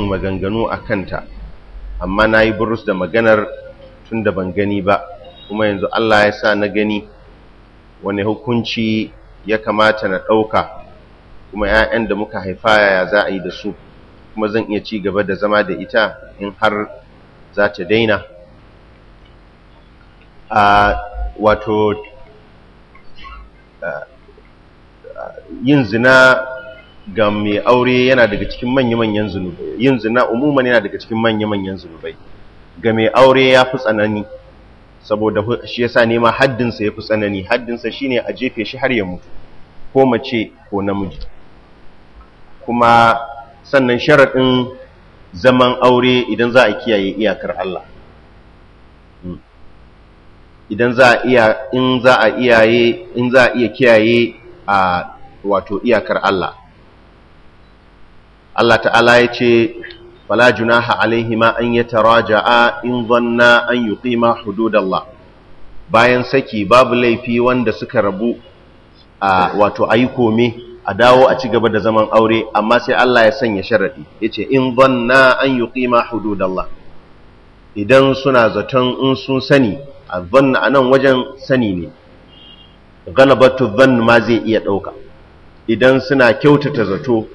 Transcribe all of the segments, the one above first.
maganganu a kanta amma na yi burus da maganar tun da ban gani ba kuma yanzu Allah ya sa na gani wani hukunci ya kamata na ɗauka kuma 'ya'yan da muka haifa ya za a yi da su kuma zan iya ci gaba da zama da ita in har za ta daina a wato yin zina ga mai aure yana daga cikin manya-manyan zunubai yin zina umuman yana daga cikin manya-manyan zunubai ga mai aure ya fi tsanani saboda shi ya sa nema haddinsa ya fi tsanani haddinsa shi ne a jefe shi har ya mutu ko mace ko namiji kuma sannan sharaɗin zaman aure idan za a kiyaye iyakar Allah hmm. idan za a iya in za a iyaye in za a iya kiyaye a wato iyakar Allah Allah ta'ala ya ce fala junaha alaihima an taraja'a in zanna an yi ƙima hududallah bayan saki babu laifi wanda suka rabu a wato ayi kome a dawo a ci gaba da zaman aure amma sai Allah ya sanya ya yace in zanna an ƙima hududallah idan suna zaton in sun sani a zanna anan wajen sani ne galabatu zan ma zai iya ɗauka. idan suna kyautata zato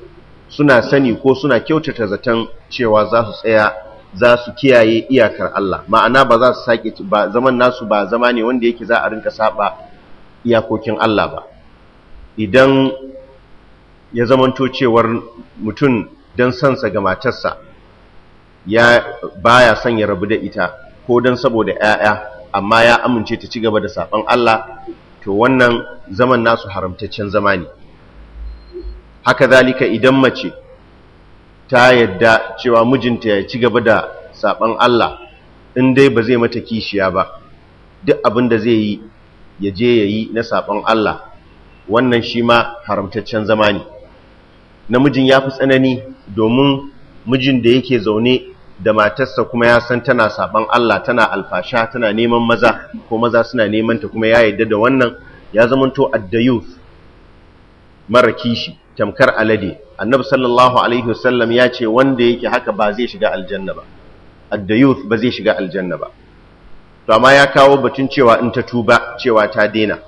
suna sani ko suna kyautata zaton cewa za su tsaya za su kiyaye iyakar Allah ma'ana ba za su sake ba zaman nasu ba zama ne wanda yake za a rinka saba iyakokin Allah ba idan ya zamanto cewar mutum don sansa ga matarsa ya baya son ya rabu da ita ko don saboda 'ya'ya amma ya amince ta ci gaba da saɓon Allah to wannan zaman nasu haramtaccen zama ne haka zalika idan mace ta yadda cewa mijinta ya ci gaba da saban Allah in dai ba zai mata kishiya ba duk abin da zai yi ya je ya yi na saban Allah wannan shi ma haramtaccen zama ne namijin ya fi tsanani domin mijin da yake zaune da matarsa kuma ya san tana saban Allah tana alfasha tana neman maza ko maza suna neman ta kuma ya yadda da wannan ya zamanto addayuf mara kishi tamkar alade annabi sallallahu alaihi wasallam ya ce wanda yake haka ba zai shiga aljanna ba addayuth ba zai shiga aljanna ba to amma ya kawo batun cewa in ta tuba cewa ta daina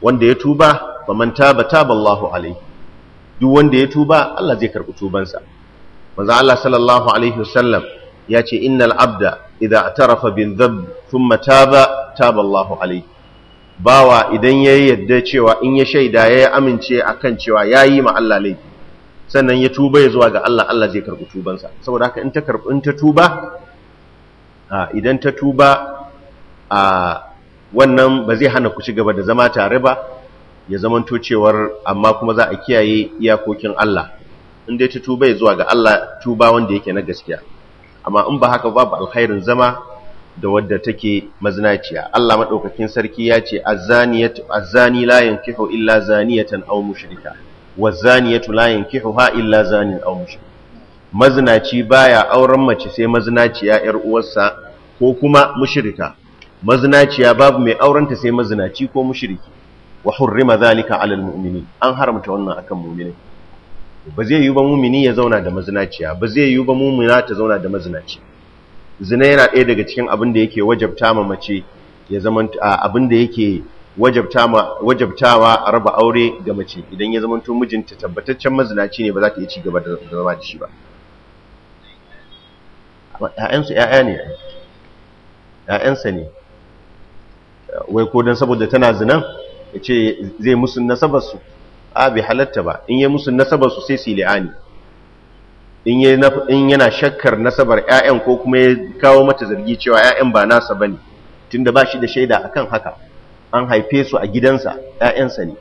wanda ya tuba fa man taba taba Allahu alaihi duk wanda ya tuba Allah zai karɓi tubansa manzo Allah sallallahu alaihi wasallam ya ce innal abda idza atarafa bin dhabb thumma taba taba Allahu alaihi bawa idan ya yadda cewa in ya shaida ya yi amince a kan cewa ya yi ma Allah laifi sannan ya tuba ya zuwa ga Allah Allah zai karɓi tubansa saboda haka in ta karɓi in ta tuba idan ta tuba a wannan ba zai hana ku ci gaba da zama tare ba ya zamanto cewar amma kuma za a kiyaye iyakokin Allah in dai ta tuba ya zuwa ga Allah tuba wanda yake na gaskiya amma in ba haka babu alkhairin zama da wadda take mazinaciya Allah madaukakin sarki ya ce azaniyatu azani la yankihu illa zaniyatan aw mushrika wazaniyatu la yankihuha illa zanin aw mushrika mazinaci baya auren mace sai mazinaciya yar uwarsa ko kuma mushrika mazinaciya babu mai aurenta sai mazinaci ko mushriki wa hurrima zalika alal mu'minin an haramta wannan akan mu'mini ba zai yi ba mu'mini ya zauna da mazinaciya ba zai yi ba mu'mina ta zauna da mazinaciya zina yana ɗaya daga cikin abin da yake wajabta ma mace ya zama abin da yake wajabtawa a raba aure ga mace idan ya zama to mijinta tabbataccen mazinaci ne ba za ta iya ci gaba da zama da shi ba ‘ya'yansu ‘ya'ya ne ‘ya'yansa ne wai ko don saboda tana zinan ya ce zai musu nasabarsu a bai halatta ba in yi musu nasabarsu sai su yi li'ani in yana shakkar nasabar 'ya'yan ko kuma ya kawo mata zargi cewa 'ya'yan ba nasa ba bane tunda ba shi da shaida akan haka an haife su a gidansa 'ya'yansa ne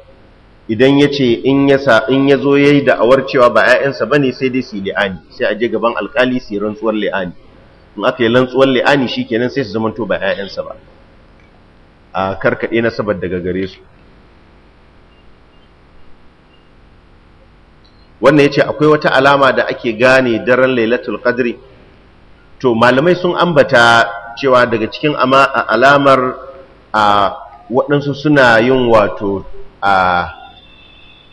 idan ya ce in ya zo ya yi da'awar cewa ba 'ya'yansa ba ne sai dai su yi li'ani sai a je gaban alkali su yi rantsuwar li'ani in aka yi rantsuwar li'ani shi kenan sai su zamanto ba 'ya'yansa ba a karkaɗe nasabar daga gare su wannan yace akwai wata alama da ake gane daren lailatul qadri to malamai sun ambata cewa daga cikin ama alamar a waɗansu suna yin wato a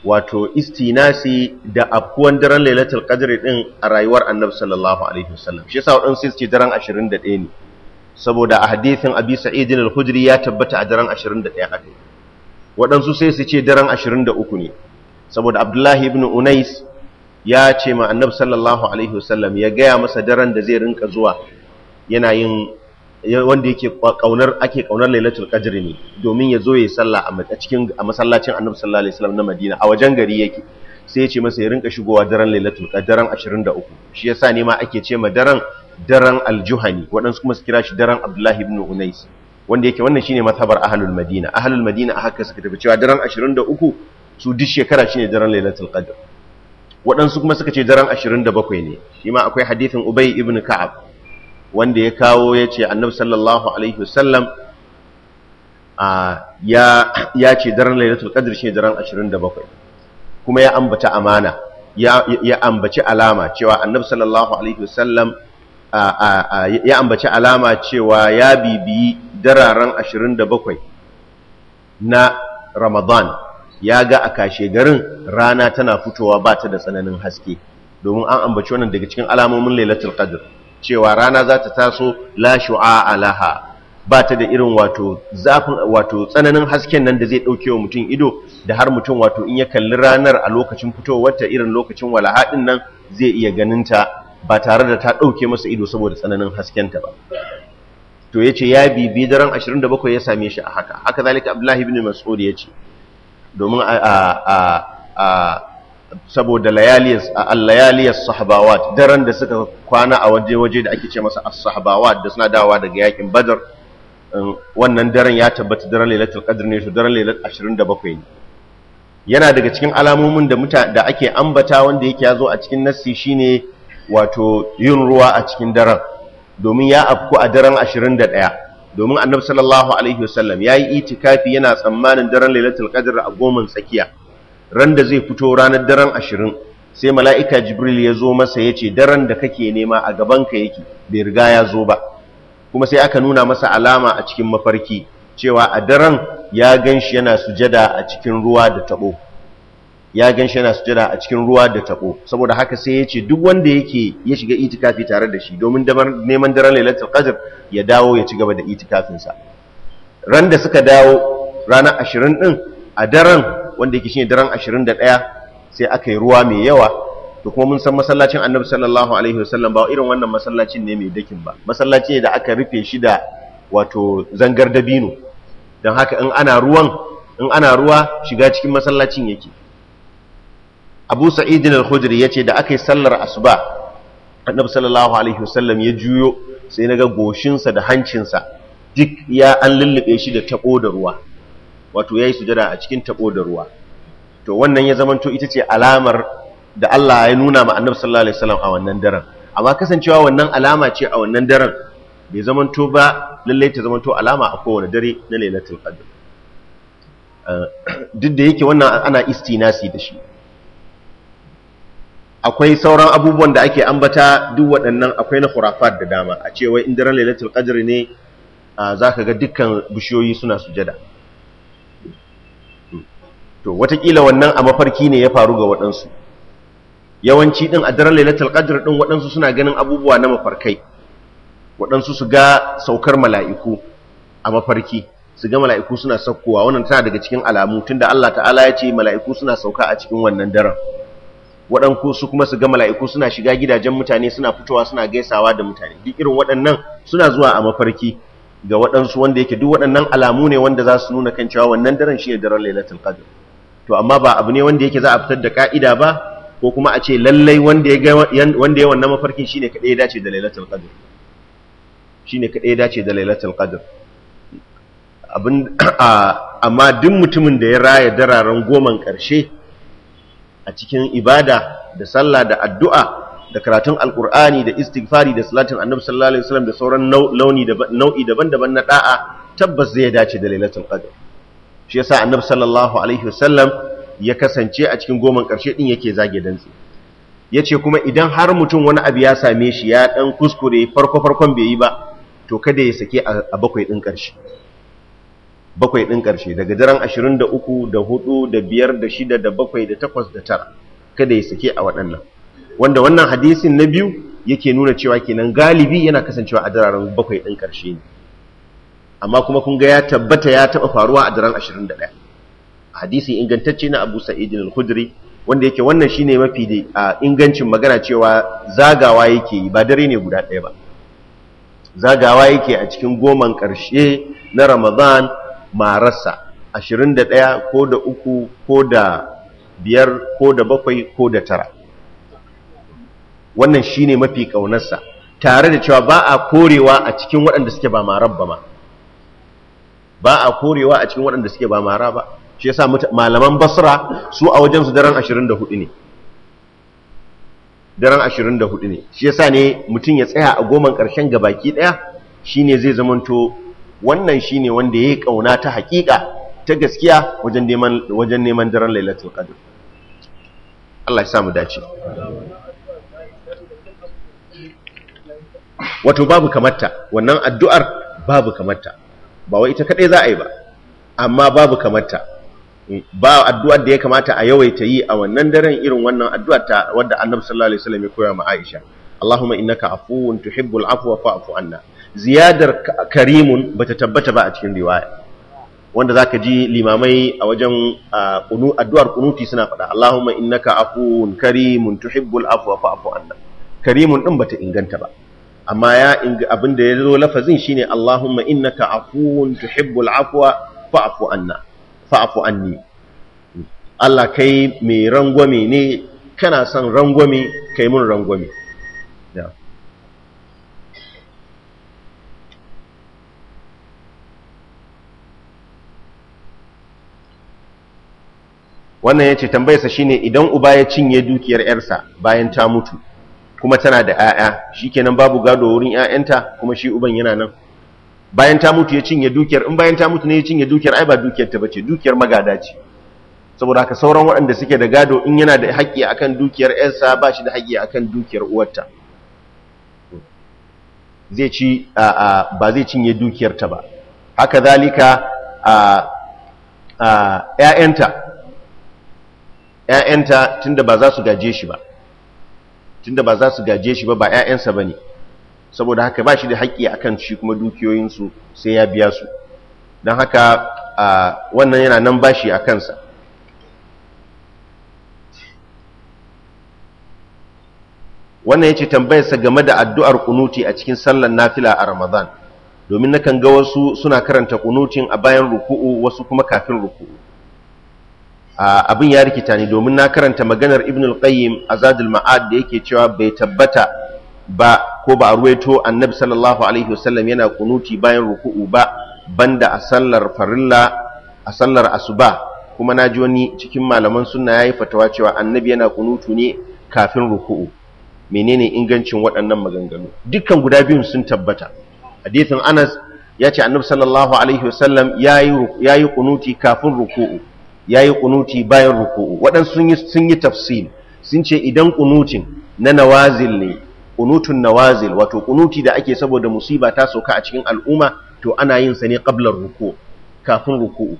wato istinasi da afkuwan daren lailatul qadri din a rayuwar annabi sallallahu alaihi wasallam shi yasa wadansu sai daren 21 ne saboda a hadisin abi sa'id al-khudri ya tabbata a daren 21 akai Waɗansu sai su ce daren 23 ne saboda abdullahi ibn unais ya ce ma annab sallallahu alaihi wasallam ya gaya masa daren da zai rinka zuwa yana yin wanda yake kaunar ake kaunar lailatul qadr ne domin ya zo ya salla a cikin a masallacin annab sallallahu alaihi wasallam na madina a wajen gari yake sai ya ce masa ya rinka shigowa daren lailatul qadr 23 shi yasa ne ma ake ce ma daren daren aljuhani waɗansu kuma su kira shi daren abdullahi ibn unais wanda yake wannan shine mazhabar ahlul madina ahlul madina a haka suka tafi cewa daren 23 su duk shekara shine daren lailatul qadr waɗansu kuma suka ce daren 27 ne shi ma akwai hadithin ubay ibn ka'ab wanda ya kawo ya ce annabi sallallahu alaihi wasallam ya ce daren lailatul qadr shine daren 27 kuma ya ambata amana ya ambaci alama cewa annabi sallallahu alaihi wasallam ya ambaci alama cewa ya bibiyi dararen 27 na ramadan ya ga a kashe garin rana tana fitowa ba ta da tsananin haske domin an ambaci wannan daga cikin alamomin lailatul qadr cewa rana za ta taso la shu'a alaha ba ta da irin wato zafin wato tsananin hasken nan da zai dauke wa mutum ido da har mutum wato in ya kalli ranar a lokacin fitowar ta irin lokacin walaha din nan zai iya ganin ta ba tare da ta dauke masa ido saboda tsananin hasken ta ba to yace ya bibi daren 27 ya same shi a haka haka zalika abdullahi ibn mas'ud yace domin a saboda layaliyar sahabawat daren da suka kwana a waje-waje da ake ce masa as-sahabawat da suna dawa daga yakin badar um, wannan daren ya tabbata daren lailatul qadr ne to daren lailat 27 yana daga cikin alamomin da muta da ake ambata wanda yake yazo a cikin nassi shine wato yin ruwa a cikin daren domin ya afku a daren 21 domin annabi sallallahu alaihi wasallam yayi itikafi yana tsammanin daren lailatul qadr a goma tsakiya ran da zai fito ranar daren 20 sai mala'ika jibril ya zo masa yace, daren da kake nema a gaban gabanka yake bai riga ya zo ba kuma sai aka nuna masa alama a cikin mafarki cewa a daren ya ganshi yana sujada a cikin ruwa da tabo ya gan shi yana sujada a cikin ruwa da taɓo, saboda haka sai ya ce duk wanda yake ya shiga itikafi tare da shi domin neman daren lailatul qadr ya dawo ya ci gaba da itikafinsa ran da suka dawo ranar ashirin din a daren wanda yake shine daren ashirin da ɗaya sai aka yi ruwa mai yawa to kuma mun san masallacin annabi sallallahu alaihi wasallam ba irin wannan masallacin ne mai dakin ba masallaci ne da aka rufe shi da wato zangar dabino don haka in ana ruwan in ana ruwa shiga cikin masallacin yake abu sa'idin al-khudri ya ce da aka yi sallar asuba annabi sallallahu alaihi wasallam ya juyo sai na ga goshinsa da hancinsa duk ya an lullube shi da tabo da ruwa wato ya yi sujada a cikin tabo da ruwa to wannan ya zamanto ita ce alamar da Allah ya nuna ma annabi sallallahu alaihi wasallam a wannan daren amma kasancewa wannan alama ce a wannan daren bai zamanto ba lallai ta zamanto alama a kowane dare na lailatul qadr eh, duk da yake wannan ana istinasi da shi akwai sauran abubuwan da ake ambata duk waɗannan akwai na khurafat da dama a cewa in daren lailatul qadr ne za ka ga dukkan bishiyoyi suna sujada hmm. to watakila wannan a mafarki ne ya faru ga waɗansu yawanci ɗin a daren lailatul qadr ɗin waɗansu suna ganin abubuwa na mafarkai waɗansu su ga saukar mala'iku a mafarki su ga mala'iku suna saukowa wannan tana daga cikin alamu tunda Allah ta'ala ya ce mala'iku suna sauka a cikin wannan daren waɗanku su kuma su ga mala'iku suna shiga gidajen mutane suna fitowa suna gaisawa da mutane duk irin waɗannan suna zuwa a mafarki ga waɗansu wanda yake duk waɗannan alamu ne wanda za su nuna kan cewa wannan daren shi ne daren lailatul qadr to amma ba abu ne wanda yake za a fitar da ka'ida ba ko kuma a ce lallai wanda ya wanda ya wannan mafarkin shine kadai ya dace da lailatul qadr shine kadai ya dace da lailatul qadr abin amma duk mutumin da ya raya dararen goman karshe a cikin ibada da sallah da addu'a da karatun alkur'ani da istighfari da salatin annabi sallallahu alaihi da sauran nau'i daban-daban na da'a tabbas zai dace da lailatul qadr shi yasa annabi sallallahu alaihi wasallam ya kasance a cikin goman karshe din yake zage Ya yace kuma idan har mutum wani abu ya same shi ya ɗan kuskure farko farkon bai yi ba to kada ya sake a bakwai ɗin karshe bakwai ɗin ƙarshe daga daren ashirin da uku da hudu da biyar da shida da bakwai da takwas da tara kada ya sake a waɗannan wanda wannan hadisin na biyu yake nuna cewa kenan galibi yana kasancewa a dararen bakwai ɗin ƙarshe ne amma kuma kun ga ya tabbata ya taɓa faruwa a daren ashirin da ɗaya hadisi ingantacce na abu sa'idin al wanda yake wannan shine mafi da ingancin magana cewa zagawa yake yi ba dare ne guda ɗaya ba zagawa yake a cikin goman ƙarshe na ramadan mararsa ashirin da ɗaya ko da uku ko da biyar ko da bakwai ko da tara wannan shine mafi ƙaunarsa tare da cewa ba a korewa a cikin waɗanda suke ba marar ba ma ba a korewa a cikin waɗanda suke ba mara ba shi yasa malaman basra su a wajensu daren 24 ne daren 24 ne shi yasa ne mutum ya tsaya a goman ƙarshen gabaki ɗaya shine zai zamanto wannan shi ne wanda ya yi ƙauna ta haƙiƙa ta gaskiya wajen neman daren lailatul qadr Allah ya samu dace wato babu kamata. wannan addu'ar babu kamata. ba wai ita kadai za a yi ba amma babu kamata. ba addu'ar da ya kamata a yawaita yi a wannan daren irin wannan addu'ar ta wadda Annabi sallallahu alaihi koya ma’aisha Aisha Allahumma innaka afuwun tuhibbul afuwa fa'fu anna ziyadar karimun bata tabbata ba a cikin riwaya wanda za ka ji limamai a wajen addu'ar kunuti suna faɗa Allahumma innaka afuwun karimun tuhibbul fa fa'fu anna karimun ba bata inganta ba amma ya abinda ya zo lafazin shine Allahumma innaka afuwun tuhibbul afwa fa'fu anna fa'fu anni Allah kai mai rangwame ne kana son rangwame kai mun rangwame wannan yace tambayarsa shine idan uba ya cinye dukiyar yarsa bayan ta mutu kuma tana da 'ya'ya shikenan babu gado wurin 'ya'yanta kuma shi uban yana nan bayan ta mutu ya cinye dukiyar in bayan ta mutu ne ya cinye dukiyar ai ba dukiyar ta bace dukiyar magada ce saboda haka sauran waɗanda suke da gado in yana da haƙƙi akan dukiyar yarsa ba shi da haƙƙi akan dukiyar uwarta zai ci ba zai cinye dukiyar ta ba haka zalika a 'ya'yanta ‘ya'yanta tunda ba za su gaje shi ba tunda ba za su gaje shi ba ba ‘ya'yansa ba ne saboda haka ba shi da haƙƙi a kan shi kuma dukiyoyinsu sai ya biya su don haka wannan yana nan bashi a kansa wannan ya ce tambayarsa game da addu'ar kunuti a cikin sallar nafila a ramadan domin nakan ga wasu suna karanta kunutin a bayan ruku'u wasu kuma kafin ruku'u abin ya rikita ne domin na karanta maganar ibn al-qayyim azadul ma'ad da yake cewa bai tabbata ba ko ba a ruwaito annabi sallallahu alaihi wasallam yana kunuti bayan ruku'u ba banda a sallar farilla a sallar asuba kuma na ji wani cikin malaman sunna yayi fatawa cewa annabi yana kunutu ne kafin ruku'u menene ingancin waɗannan maganganu dukkan guda biyun sun tabbata hadithin Anas ya ce annabi sallallahu alaihi wasallam yayi yayi kunuti kafin ruku'u yayi kunuti bayan ruku'u waɗansu sun yi tafsil sun ce idan ƙunutin na nawazil ne ƙunutun nawazil wato ƙunuti da ake saboda musiba ta sauka a cikin al'umma to ana yin sa ne ƙablar ruku'u kafin ruku'u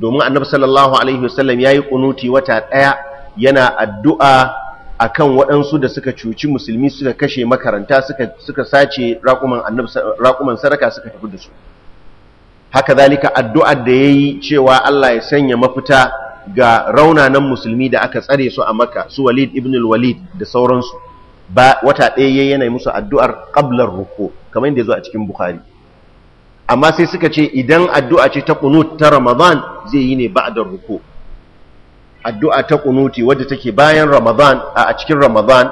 domin annabi sallallahu alaihi wasallam yi ƙunuti wata ɗaya, yana addu'a a kan waɗansu da suka cuci musulmi suka kashe makaranta suka sace raƙuman sadaka suka tafi da su haka zalika addu'ar da ya yi cewa Allah ya sanya mafita ga raunanan musulmi da aka tsare su a maka su walid ibn walid da sauransu ba wata ɗaya ya yanayi musu addu'ar ƙablar ruko kamar yadda ya zo a cikin bukhari amma sai suka ce idan addu'a ce ta kunut ta ramadan zai yi ne ba'adar ruko addu'a ta kunuti wadda take bayan ramadan a cikin ramadan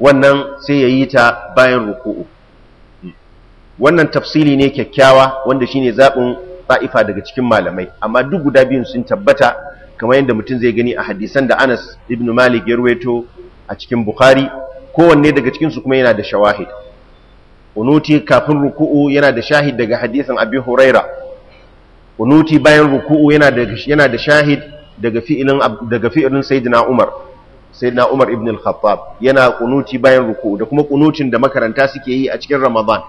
wannan sai ya yi ta bayan ruku'u wannan tafsili ne kyakkyawa wanda shine zaɓin ta'ifa daga cikin malamai amma duk guda biyun sun tabbata kamar yadda mutum zai gani a hadisan da Anas ibn Malik ya ruwaito a cikin Bukhari kowanne daga cikin su kuma yana da shawahid unuti kafin ruku'u yana da shahid daga hadisan Abi Huraira unuti bayan ruku'u yana da yana da shahid daga fi'ilin daga fi'ilin Sayyidina Umar Sayyidina Umar ibn al-Khattab yana kunuti bayan ruku'u da kuma kunutin da makaranta suke yi a cikin Ramadan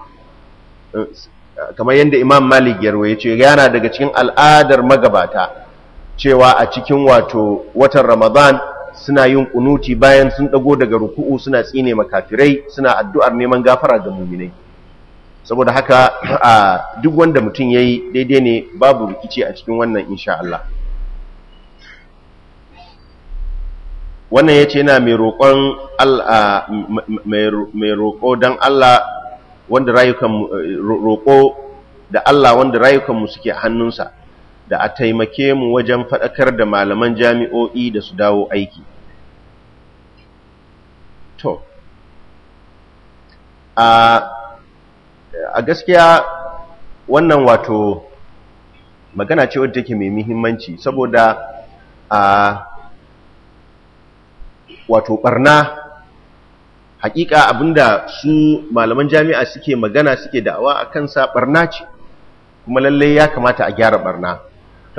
kamar yadda imam malik ya ce yana daga cikin al'adar magabata cewa a cikin wato watan ramadan suna yin kunuti bayan sun dago daga ruku'u suna tsine makafirai suna addu'ar neman gafara ga muminai saboda haka a duk wanda mutum ya yi daidai ne babu rikici a cikin wannan insha Allah wannan ya ce yana mai roƙon roƙo dan Allah wanda rayukan eh, roƙo da Allah wanda rayukanmu suke hannunsa da a taimake mu wajen faɗakar da malaman jami'o'i da su dawo aiki to a gaskiya wannan wato magana ce wadda take mai muhimmanci saboda a wato barna hakika abinda su malaman jami'a suke magana suke da'awa a kansa barna ce kuma lalle ya kamata a gyara barna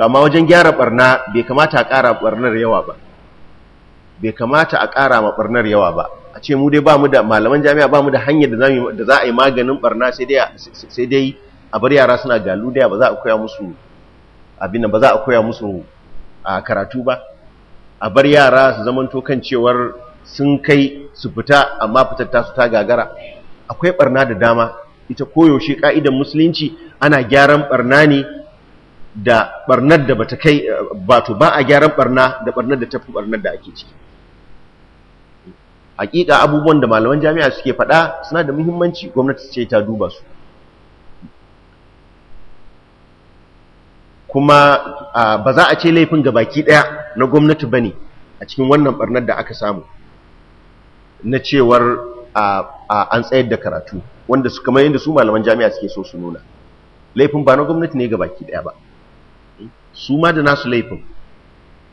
to amma wajen gyara barna bai kamata a kara barnar yawa ba bai kamata a kara ma barnar yawa ba a ce mu dai bamu da malaman jami'a bamu da hanyar da za a yi maganin barna sai dai a bar yara suna galu da ba za a koya musu abin ba za a koya musu a karatu ba a bar yara su zamanto kan cewar sun kai su fita amma fitar tasu ta gagara akwai barna da dama ita koyaushe ka'idan musulunci ana gyaran barna ne da barnar da bata kai bato ba a gyaran barna da barnar da tafi barnar da ake ciki hakika abubuwan da malaman jami'a suke faɗa suna da muhimmanci gwamnati ce ta duba su kuma ba za a ce laifin gabaki ɗaya na gwamnati ba ne a cikin wannan barnar da aka samu na cewar an tsayar da karatu wanda su kamar yadda su malaman jami'a suke so su nuna laifin ba na gwamnati ne ga baki daya ba su ma da nasu laifin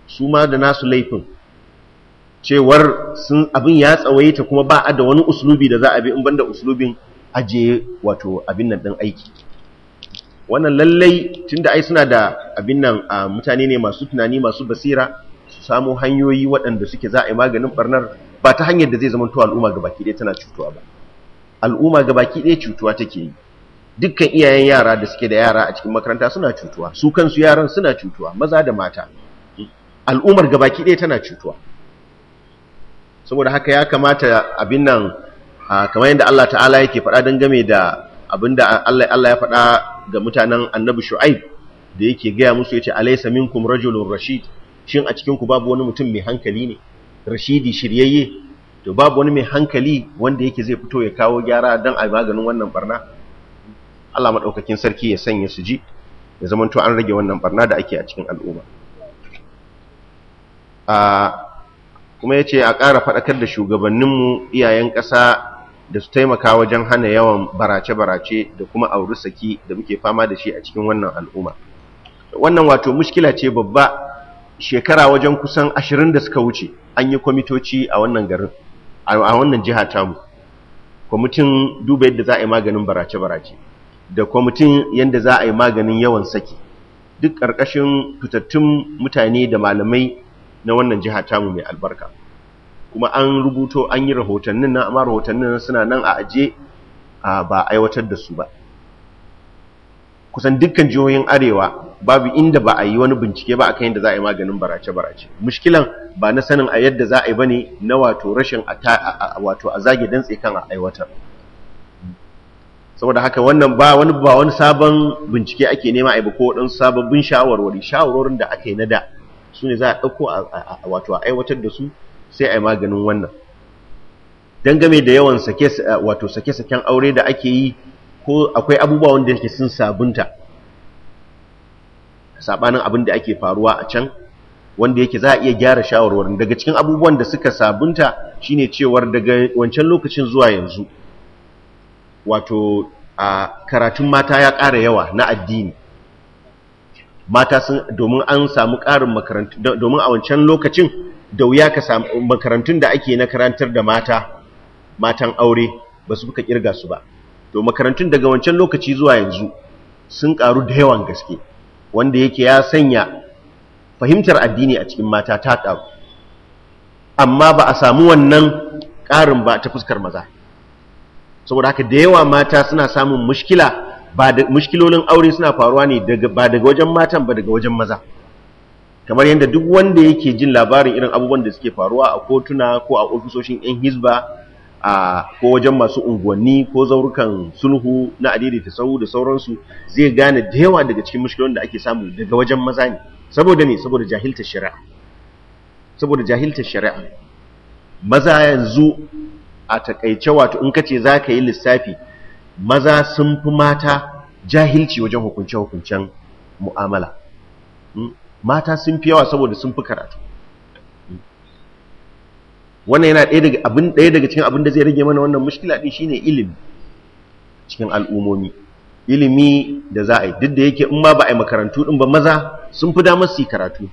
su ma da nasu laifin cewar sun abin ya tsawaita kuma ba a da wani usulubi da za a bi in banda usulubin ajiye wato abin nan din aiki wannan lallai tun da ai suna da abin nan mutane ne masu tunani masu basira su samu hanyoyi waɗanda suke za a yi maganin barnar ba ta hanyar da zai zama to al'umma gabaki ɗaya tana cutuwa ba al'umma gabaki ɗaya cutuwa take yi dukkan iyayen yara da suke da yara a cikin makaranta suna cutuwa su kansu yaran suna cutuwa maza da mata al'ummar gabaki ɗaya tana cutuwa saboda haka ya kamata abin nan kamar yadda Allah ta'ala yake faɗa dangane da abin da Allah ya faɗa ga mutanen annabi shu'aib da yake gaya musu ya ce alaisa minkum rajulun rashid shin a cikinku babu wani mutum mai hankali ne rashidi shiryayye to babu wani mai hankali wanda yake zai fito ya kawo gyara don a maganin wannan barna Allah maɗaukakin sarki ya sanya su ji ya zama zamanto an rage wannan barna da ake a cikin al'umma kuma ya ce a ƙara faɗakar da shugabanninmu iyayen ƙasa da su taimaka wajen hana yawan barace-barace da kuma auri saki da muke fama da shi a cikin wannan al'umma wannan wato mushkila ce babba shekara wajen kusan ashirin da suka wuce an yi kwamitoci a wannan garin a wannan jiha tamu kwamitin duba yadda za a yi maganin barace-barace da kwamitin yadda za a yi maganin yawan saki duk ƙarƙashin fitattun mutane da malamai na wannan jiha tamu mai albarka kuma an rubuto an yi rahotannin nan amma rahotannin suna nan a aje ba aiwatar da su ba kusan dukkan jihohin arewa babu inda ba a yi wani bincike ba akan yadda za a yi maganin barace-barace mushkilan ba na sanin a yadda za a yi ba ne na wato rashin wato a zage dantse kan a aiwatar saboda haka wannan ba wani ba wani sabon bincike ake nema a yi ba ko waɗansu sababbin shawarwari shawarwarin da aka yi na da su ne za a ɗauko wato a aiwatar da su sai a yi maganin wannan dangane da yawan sake wato sake-saken aure da ake yi ko akwai abubuwa wanda yake sun sabunta sabanin abin da ake faruwa a can wanda yake za a iya gyara shawarwarin daga cikin abubuwan da suka sabunta shine cewar daga wancan lokacin zuwa yanzu wato a karatun mata ya ƙara yawa na addini mata sun domin an samu ƙarin makarantu domin a wancan lokacin da wuya ka samu makarantun da ake na karantar da mata matan aure ba su buka ƙirga su ba to makarantun daga wancan lokaci zuwa yanzu sun karu da yawan gaske wanda yake ya sanya fahimtar addini a cikin mata ta karu amma ba a samu wannan karin ba ta fuskar maza saboda haka da yawa mata suna samun mushkila ba da mushkilolin aure suna faruwa ne ba daga wajen matan ba daga wajen maza kamar yadda duk wanda yake jin labarin irin abubuwan da suke faruwa a kotuna ko a ofisoshin 'yan hizba a ko wajen masu unguwanni ko zaurukan sulhu na adidi ta sau da sauransu zai gane da yawa daga cikin mushkilon da ake samu daga wajen maza ne saboda ne saboda jahilta shari'a saboda jahilta shari'a maza yanzu a takaice wato in kace za ka yi lissafi maza sun fi mata jahilci wajen hukunce-hukuncen mu'amala hmm? mata sun fi yawa saboda sun fi karatu wannan yana ɗaya daga abin ɗaya daga cikin abin da zai rage mana wannan mushkila ɗin shine ilimi cikin al'umomi ilimi da za a yi duk da yake in ma ba a yi makarantu din ba maza sun fi damar su yi karatu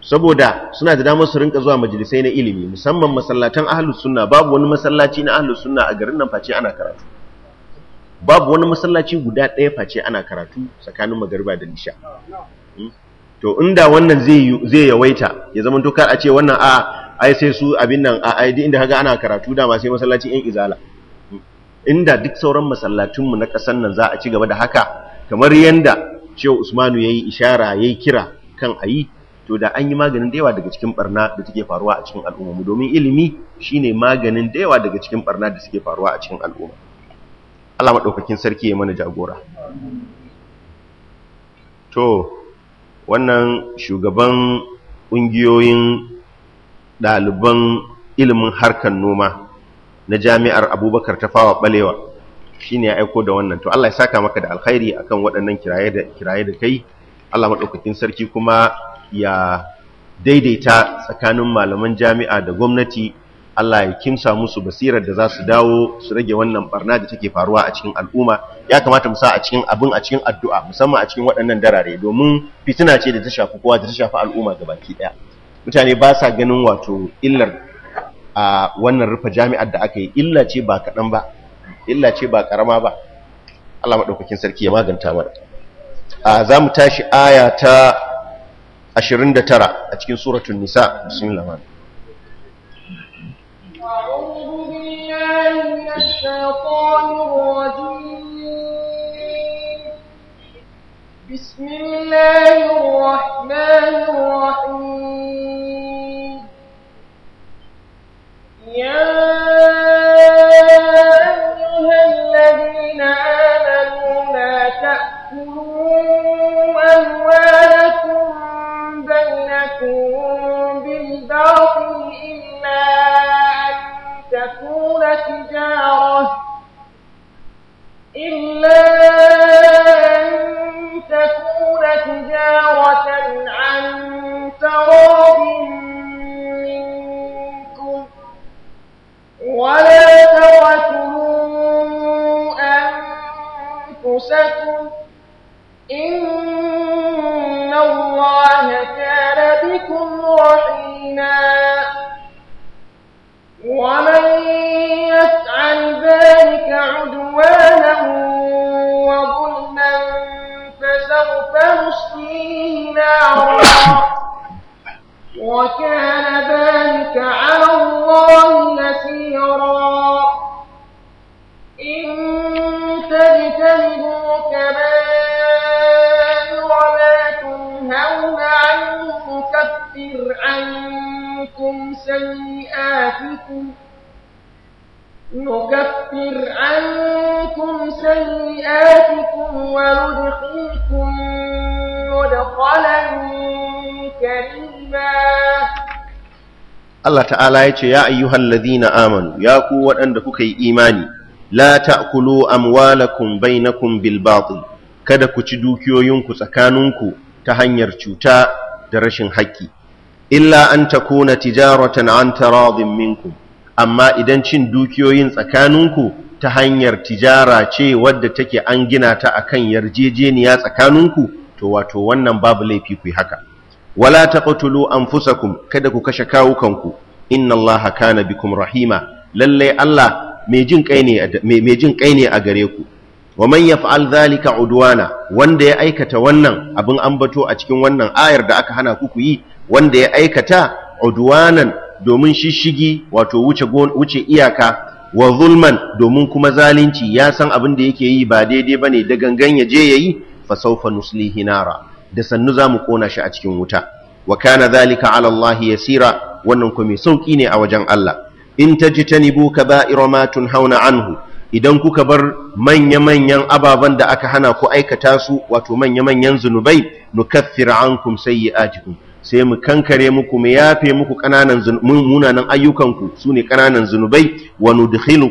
saboda suna da damar su rinka zuwa majalisai na ilimi musamman masallatan ahlus sunna babu wani masallaci na ahlus sunna a garin nan face ana karatu babu wani masallaci guda ɗaya face ana karatu tsakanin magariba da nisha hmm? to inda wannan zai yawaita ya zama to kar a ce wannan a ah, ai sai su abin nan a ai inda kaga ana karatu dama sai masallacin yan izala inda duk sauran masallatunmu na ƙasar nan za a ci gaba da haka kamar yadda shehu usmanu ya yi ishara ya yi kira kan ayi, yi to da an yi maganin da yawa daga cikin barna da take faruwa a cikin al'umma domin ilimi shi ne maganin da yawa daga cikin barna da suke faruwa a cikin al'umma Allah ɗaukakin sarki ya mana jagora to wannan shugaban ƙungiyoyin ɗaliban ilimin harkar noma na jami'ar abubakar ta fawa balewa shine ya aiko da wannan to Allah ya saka maka da alkhairi akan waɗannan kiraye da kiraye da kai Allah maɗaukakin sarki kuma ya daidaita tsakanin malaman jami'a da gwamnati Allah ya kimsa musu basirar da za su dawo su rage wannan barna da take faruwa a cikin al'umma ya kamata mu sa a cikin abin a cikin addu'a musamman a cikin waɗannan darare domin fitina ce da ta shafi kowa da ta shafi al'umma ga baki ɗaya mutane ba sa ganin wato illar a wannan rufe jami'ar da aka yi illa ce ba kaɗan ba illa ce ba ƙarama ba Allah maɗaukakin sarki ya maganta mana a za mu tashi aya ta 29 a cikin suratun nisa bismillah أعوذ بسم الله الرحمن الرحيم يا أيها الذين آمنوا لا تأكلوا أموالكم بينكم بالباطل إلا أن تكون تجارة إلا أن تكون تجارة ولا تقتلوا أنفسكم إن الله كان بكم رحيما ومن يفعل ذلك عدوانا وظلما فسوف نصليه نارا وكان ذلك على الله يسيرا إن تجتنبوا كبائر ما تنهون عنه نكفر عنكم سيئاتكم نكفر عنكم سيئاتكم وندخلكم مدخلا كريما Allah ta'ala ya ce ya ayyuhal ladhina amanu ya ku waɗanda kuka yi imani la ta'kulu amwalakum bainakum bil batil kada ku ci dukiyoyinku tsakaninku ta hanyar cuta da rashin haƙƙi illa an ta kuna tijaratan an taradin minkum amma idan cin dukiyoyin tsakaninku ta hanyar tijara ce wadda take an gina ta a kan yarjejeniya tsakaninku to wato wannan babu laifi ku haka wala ta taqtulu anfusakum kada ku kashe kawukanku inna allaha kana bikum rahima Lallai Allah mai jin kai ne a gare ku wa man yaf'al dhalika udwana wanda ya aikata wannan abin an bato a cikin wannan ayar da aka hana ku yi wanda ya aikata udwanan domin shishigi wato wuce iyaka wa zulman domin kuma zalunci ya san abin da yake yi ba daidai ba ne da gangan ya je yayi fa sawfa nuslihi nara da sannu za mu ƙona shi a cikin wuta wa kana zalika ala ya yasira wannan kuma sauƙi ne a wajen Allah in ta ta ji nibu ka kaba'ira ma na anhu idan kuka bar manya-manyan ababen da aka hana ku aikata su wato manya-manyan zunubai nukaffir an kum sai mu kankare muku mu yafe muku ƙananan munanan ayyukanku su ne kananan zunubai wa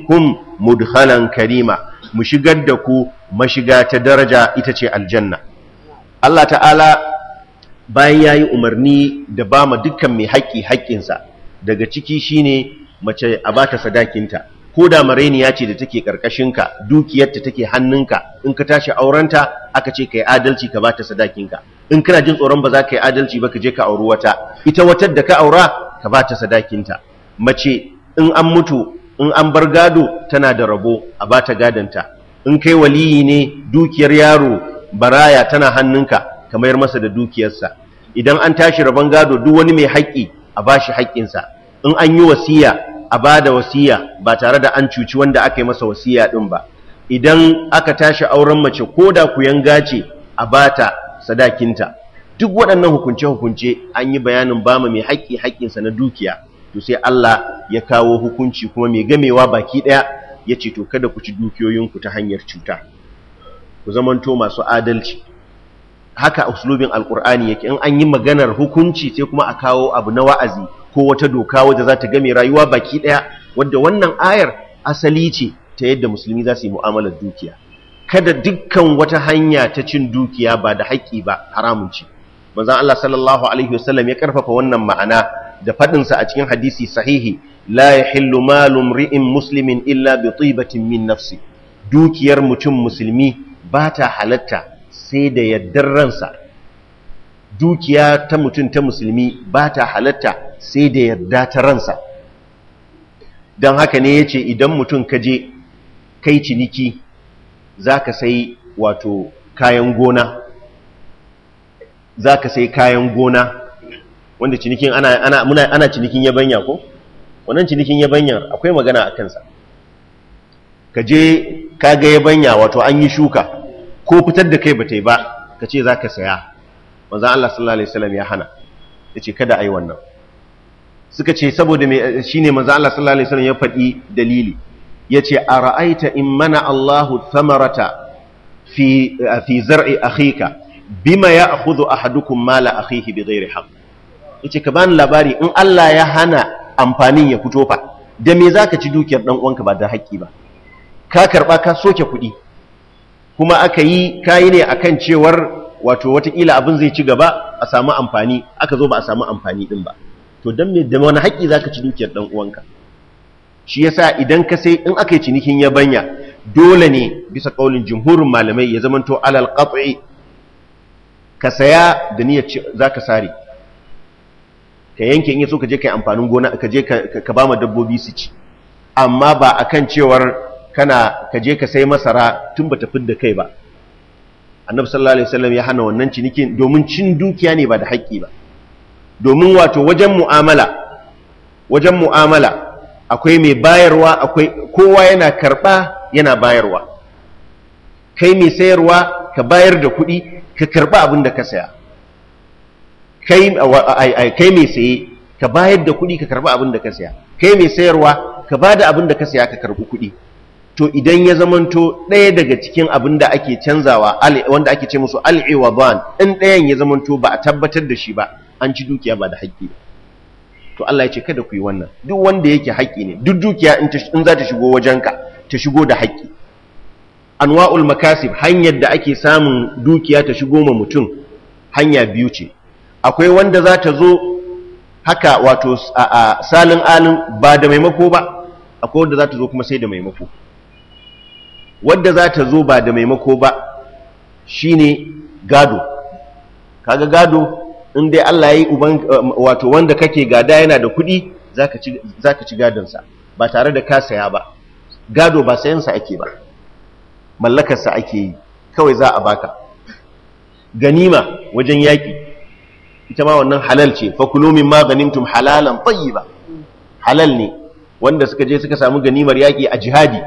kum mudkhalan karima mu shigar da ku mashiga ta daraja ita ce aljanna Allah ta'ala bayan ya yi umarni da ba ma dukkan mai haƙƙi haƙƙinsa daga ciki shi ne mace a ba ta sadakinta ko da mareniya ce da take ƙarƙashinka dukiyarta take hannunka in ka tashi aurenta aka ce ka yi adalci ka ba ta sadakinka in kana jin tsoron ba za ka yi adalci ba ka je ka auri wata ita watar da ka aura ka ba ta sadakinta mace in an mutu in an bar gado tana da rabo a ba ta gadonta in kai waliyi ne dukiyar yaro baraya tana hannunka ka mayar masa da dukiyarsa idan an tashi rabon gado duk wani mai haƙƙi a bashi haƙƙinsa in an yi wasiya a ba da wasiya ba tare da an cuci wanda aka yi masa wasiya ɗin ba idan aka tashi auren mace ko da ku yanga ce a ba ta sadakinta duk waɗannan hukunce-hukunce an yi bayanin ba ma mai haƙƙi haƙƙinsa na dukiya to sai Allah ya kawo hukunci kuma mai gamewa baki ɗaya ya ce to kada ku ci dukiyoyinku ta hanyar cuta ku zamanto masu adalci haka uslubin alkur'ani yake in an yi maganar hukunci sai kuma a kawo abu na wa'azi ko wata doka wadda za ta game rayuwa baki ɗaya wadda wannan ayar asali ce ta yadda musulmi za su yi mu'amalar dukiya kada dukkan wata hanya ta cin dukiya ba da haƙƙi ba haramun ce manzon Allah sallallahu alaihi wasallam ya karfafa wannan ma'ana da faɗinsa a cikin hadisi sahihi la yahillu malu imri'in muslimin illa bi tibatin min nafsi dukiyar mutum musulmi ba ta halatta sai da yardar ransa dukiya ta mutum ta musulmi ba ta halatta sai da yarda ta ransa don haka ne ya ce idan mutum ka je kai ciniki za ka sai wato kayan gona za ka sai kayan gona wanda cinikin ana, ana, muna, ana cinikin yabanya ko wannan cinikin yabanya akwai magana a kansa ka je ka ga yabanya wato an yi shuka ko fitar da kai ba ta yi ba ka ce za ka saya manzan Allah sallallahu alaihi wasallam ya hana ya ce kada a yi wannan suka ce saboda shi ne manzan Allah sallallahu alaihi wasallam ya faɗi dalili ya ce a ra'aita in mana Allah samarata fi zar'i akhika bima ya a hadukun mala akhihi bi ghairi ya ce ka bani labari in Allah ya hana amfanin ya fito fa da me za ka ci dukiyar ɗan uwanka ba da haƙƙi ba ka karɓa ka soke kuɗi kuma aka yi kayi ne a kan cewar wato watakila abin zai ci gaba a samu amfani aka zo ba a samu amfani din ba to don me da wani haƙƙi ka ci dukiyar dan uwanka shi yasa idan ka sai in aka yi cinikin yabanya dole ne bisa ƙaunin jumhurin malamai ya zamanto alal qat'i ka saya da niyyar ka sare ka yanke in yaso ka je ka yi amfanin gona ka je ka ba ma dabbobi su ci amma ba akan cewar kana ka je ka sai masara tun ba tafi fidda kai ba annabi sallallahu alaihi wasallam ya hana wannan cinikin domin cin dukiya ne ba da haƙƙi ba domin wato wajen mu'amala wajen mu'amala akwai mai bayarwa akwai kowa yana karɓa yana bayarwa kai mai sayarwa ka bayar da kuɗi ka karɓa abin da ka saya kai kai mai saye ka bayar da kuɗi ka karɓa abin da ka saya kai mai sayarwa ka ba da abin da ka saya ka karɓi kuɗi to idan ya zamanto ɗaya daga cikin abin da ake canzawa wanda ake ce musu ba'an, in ɗayan ya zamanto ba a tabbatar da shi ba an ci dukiya ba da haƙƙi to Allah ya ce kada ku yi wannan duk wanda yake haƙƙi ne duk dukiya in za ta shigo wajenka ta shigo da haƙƙi anwa'ul makasib hanyar da ake samun dukiya ta shigo ma mutum hanya biyu ce akwai wanda za ta zo haka wato a salin alin ba da maimako ba akwai wanda za ta zo kuma sai da maimako wadda za ta zo ba da maimako ba shi ne gado kaga gado in dai Allah yayi uban wato wanda kake gada yana da kuɗi za ka ci gadon ba tare da ka saya ba gado ba sayan ake ba mallakarsa ake yi kawai za a baka ganima wajen yaƙi ita ma wannan halal ce fakulomin ma mimma ganimtum halalan ba. halal ne wanda suka je suka samu ganimar yaƙi a jihadi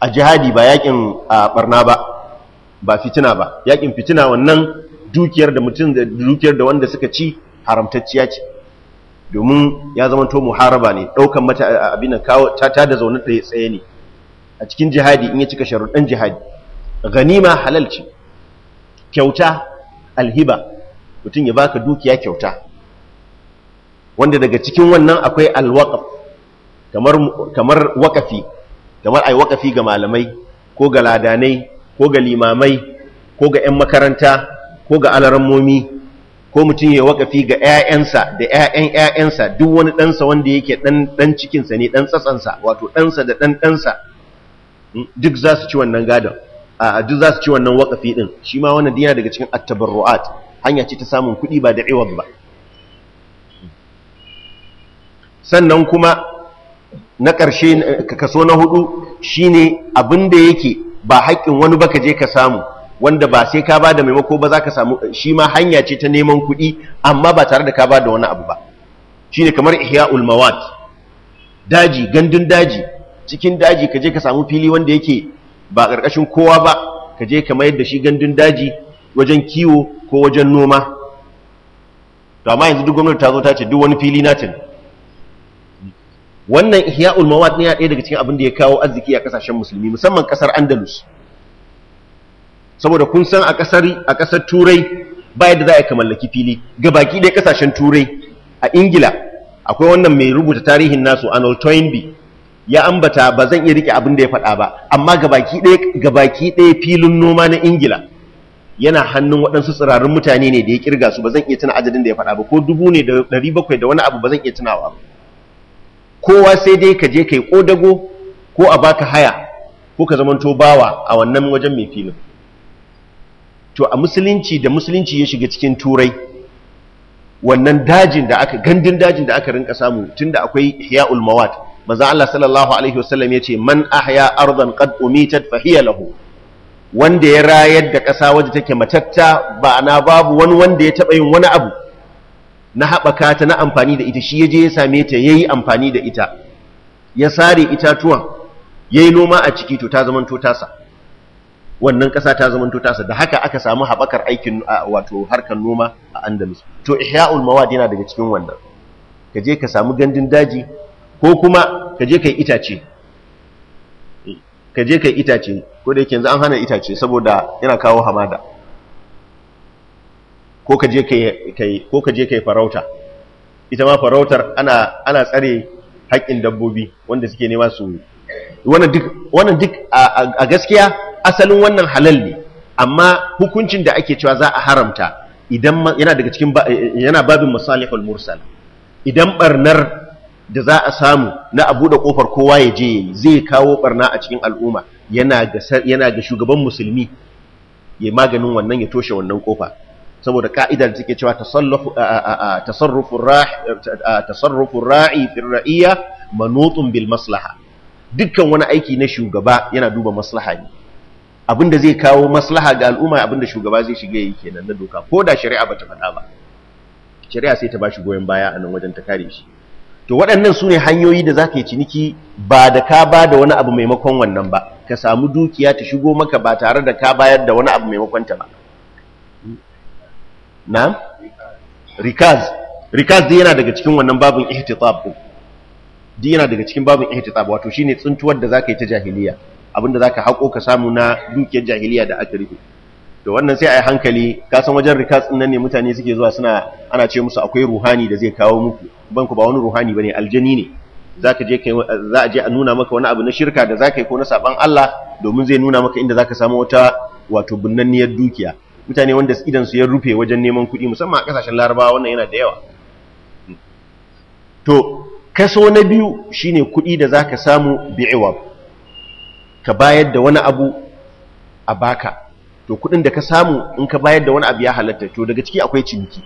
a jihadi ba yakin a barna ba ba fitina ba yakin fitina wannan dukiyar da mutum da dukiyar da wanda suka ci haramtacciya ce domin ya zama to muharaba ne daukan mata abin kawo ta da zaune tsaye tsaye ne a cikin jihadi in ya cika sharuɗan jihadi ganima halal ce kyauta alhiba mutum ya baka dukiya kyauta wanda daga cikin wannan akwai alwaqaf kamar kamar kamar yi wakafi ga malamai ko ga ladanai ko ga limamai ko ga 'yan makaranta ko ga alarammomi ko mutum ya wakafi ga 'ya'yansa da 'ya'yan 'ya'yansa duk wani ɗansa wanda yake ɗan cikinsa ne ɗan tsatsansa wato ɗansa da ɗan ɗansa hmm, duk za su ci wannan gadon a duk za su ci wannan wakafi ɗin shi ma wannan dina daga cikin attabarru'at hanya ce ta samun kuɗi ba da iwab ba sannan kuma na ƙarshe kaso na hudu shine abin da yake ba haƙƙin wani ba ka je ka samu wanda ba sai ka ba da maimako ba za ka samu shi ma hanya ce ta neman kuɗi amma ba tare da ka ba da wani abu ba shine kamar ihya'ul mawat daji gandun daji cikin daji ka je ka samu fili wanda yake ba ƙarƙashin kowa ba ka je ka mayar da shi gandun daji wajen kiwo ko wajen noma to amma yanzu duk gwamnati ta zo ta ce duk wani fili na ne wannan ihya'ul mawad ne ya ɗaya daga cikin abin da ya kawo arziki a kasashen musulmi musamman kasar andalus saboda kun san a kasar a kasar turai ba yadda za a ka mallaki fili ga baki ɗaya kasashen turai a ingila akwai wannan mai rubuta tarihin nasu arnold toynbi ya ambata ba zan iya rike abin da ya faɗa ba amma ga baki ɗaya ga baki ɗaya filin noma na ingila yana hannun waɗansu tsirarun mutane ne da ya kirga su ba zan iya tuna adadin da ya faɗa ba ko dubu ne da ɗari bakwai da wani abu ba zan iya tunawa ba kowa sai dai ka je ka yi kodago ko a baka haya ko ka zamanto bawa a wannan wajen mai filin to a musulunci da musulunci ya shiga cikin turai wannan dajin da aka gandun dajin da aka rinka samu tunda akwai hiya'ul mawat maza Allah sallallahu alaihi wasallam ce man ahya ardan qad umitat fa hiya lahu wanda ya rayar da ƙasa waje take matatta ba na babu wani wanda ya taɓa yin wani abu na haɓaka ta na amfani da ita shi ya je ya same ta ya yi amfani da ita ya sare itatuwan ya yi noma a ciki to ta to tasa wannan ƙasa ta to tasa da haka aka samu haɓakar aikin wato harkar noma a andalus to ihya'ul mawad yana daga cikin wannan ka je ka samu gandun daji ko kuma ka je ka itace eh, ka je ka yi itace ko da yake yanzu an hana itace saboda yana kawo hamada ko ka je ka yi farauta ita ma farautar ana tsare haƙƙin dabbobi wanda suke nema su wannan duk a gaskiya asalin wannan halal ne amma hukuncin da ake cewa za a haramta idan yana daga cikin yana babin masalihul mursal idan barnar da za a samu na a buɗe kofar kowa ya je zai kawo barna a cikin al'umma yana ga shugaban musulmi ya maganin wannan ya toshe wannan kofa saboda ka'idar take cewa tasarrufun ra'i fil ra'iyya manutun bil maslaha dukkan wani aiki na shugaba yana duba maslaha ne abinda zai kawo maslaha ga al'umma abinda shugaba zai shiga yi kenan na doka ko da shari'a bata faɗa ba shari'a sai ta shi goyon baya a nan wajen ta kare shi to waɗannan su ne hanyoyi da za ka yi ciniki ba da ka ba da wani abu maimakon wannan ba ka samu dukiya ta shigo maka ba tare da ka bayar da wani abu maimakon ta ba na rikaz rikaz yana daga cikin wannan babin ihtitab din dai yana daga cikin babin ihtitab wato shine tsuntuwar da zaka yi ta jahiliya abinda zaka hako ka samu na dukiyar jahiliya da aka rufe to wannan sai a yi hankali ka san wajen rikaz din nan ne mutane suke zuwa suna ana ce musu akwai ruhani da zai kawo muku banku ba wani ruhani bane aljani ne zaka je za a je a nuna maka wani abu na shirka da zaka yi ko na saban Allah domin zai nuna maka inda zaka samu wata wato binnanniyar dukiya mutane wanda idan su ya rufe wajen neman kuɗi musamman a kasashen larabawa wannan yana da yawa to kaso na biyu shine kuɗi da za ka samu bi'iwa ka bayar da wani abu a baka to kuɗin da ka samu in ka bayar da wani abu ya halatta to daga ciki akwai ciniki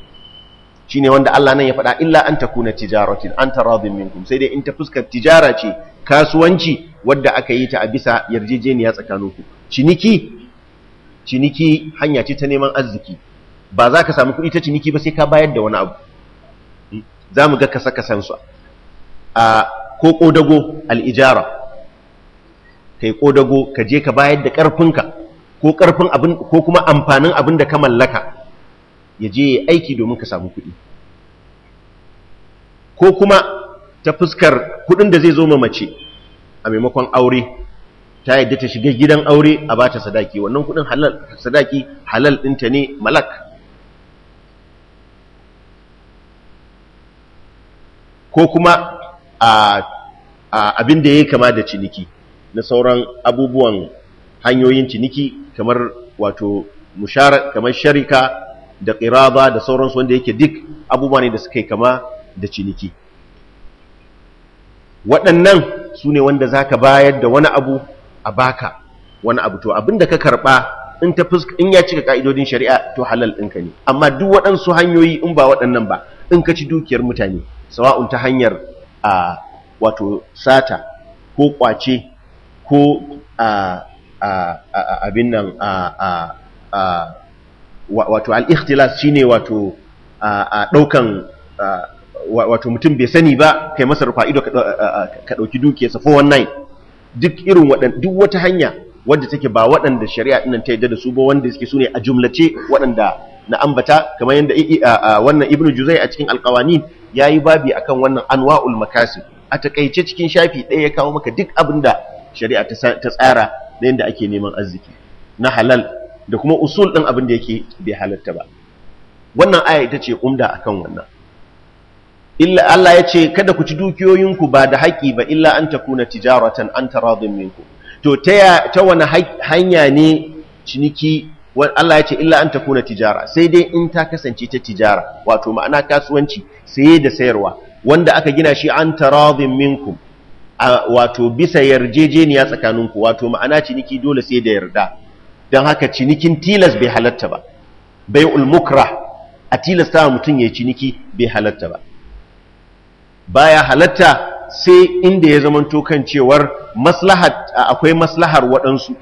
shine wanda Allah nan ya faɗa illa an takuna tijaratin an taradin minkum sai dai in ta fuskar tijara ce kasuwanci wadda aka yi ta a bisa yarjejeniya tsakaninku ciniki ciniki hanya ce ta neman arziki ba za ka samu kuɗi ta ciniki ba sai ka bayar da wani abu hmm? za mu ga kasa kasansu a ko ƙodago al'ijara ka yi ƙodago ka je ka bayar da ƙarfinka ko ƙarfin abin ko kuma amfanin abin da ka mallaka ya je aiki domin ka samu kuɗi ko kuma ta fuskar kuɗin da zai zo ma mace a maimakon aure ta yadda ta shiga gidan aure a ba ta sadaki wannan kudin halal sadaki halal ɗinta ne malak ko kuma a abin da ya kama da ciniki na sauran abubuwan hanyoyin ciniki kamar wato mushara kamar sharika da ƙiraba da sauransu wanda yake duk abubuwa ne da suka yi kama da ciniki waɗannan su ne wanda za ka bayar da wani abu a baka wani abu to abinda ka karba in ta fuska in ya cika ka'idodin shari'a to halal ɗinka ne amma duk waɗansu hanyoyi in ba waɗannan ba in ka ci dukiyar mutane sawa'un ta hanyar a wato sata ko kwace ko a abin nan a wato al shi shine wato a ɗaukan wato mutum bai sani ba kai masa rufa ido ka ɗauki dukiyarsa 419 duk irin waɗan duk wata hanya wadda take ba waɗanda shari'a ɗinnan ta yadda da su ba wanda suke ne a jumlace waɗanda na ambata kamar yadda wannan ibnu juzai a cikin ya yayi babi akan wannan anwa'ul makasi. a takaice cikin shafi ɗaya ya kawo maka duk abin da shari'a ta tsara na yadda ake neman arziki na halal da kuma usul ɗin abin da yake bai halatta ba wannan aya ita ce umda akan wannan illa Allah ya ce kada ku ci dukiyoyinku ba da haƙƙi ba illa an takuna tijaratan an taradin minku to ta wani hanya ne ciniki Allah ya ce illa an takuna tijara sai dai in ta kasance ta tijara wato ma'ana kasuwanci saye da sayarwa wanda aka gina shi an taradin minku wato bisa yarjejeniya tsakaninku wato ma'ana ciniki dole sai da yarda don haka cinikin tilas bai halatta ba bai ulmukra a tilasta mutum ya ciniki bai halatta ba baya halatta sai inda ya zamanto kan cewar maslahat akwai maslahar waɗansu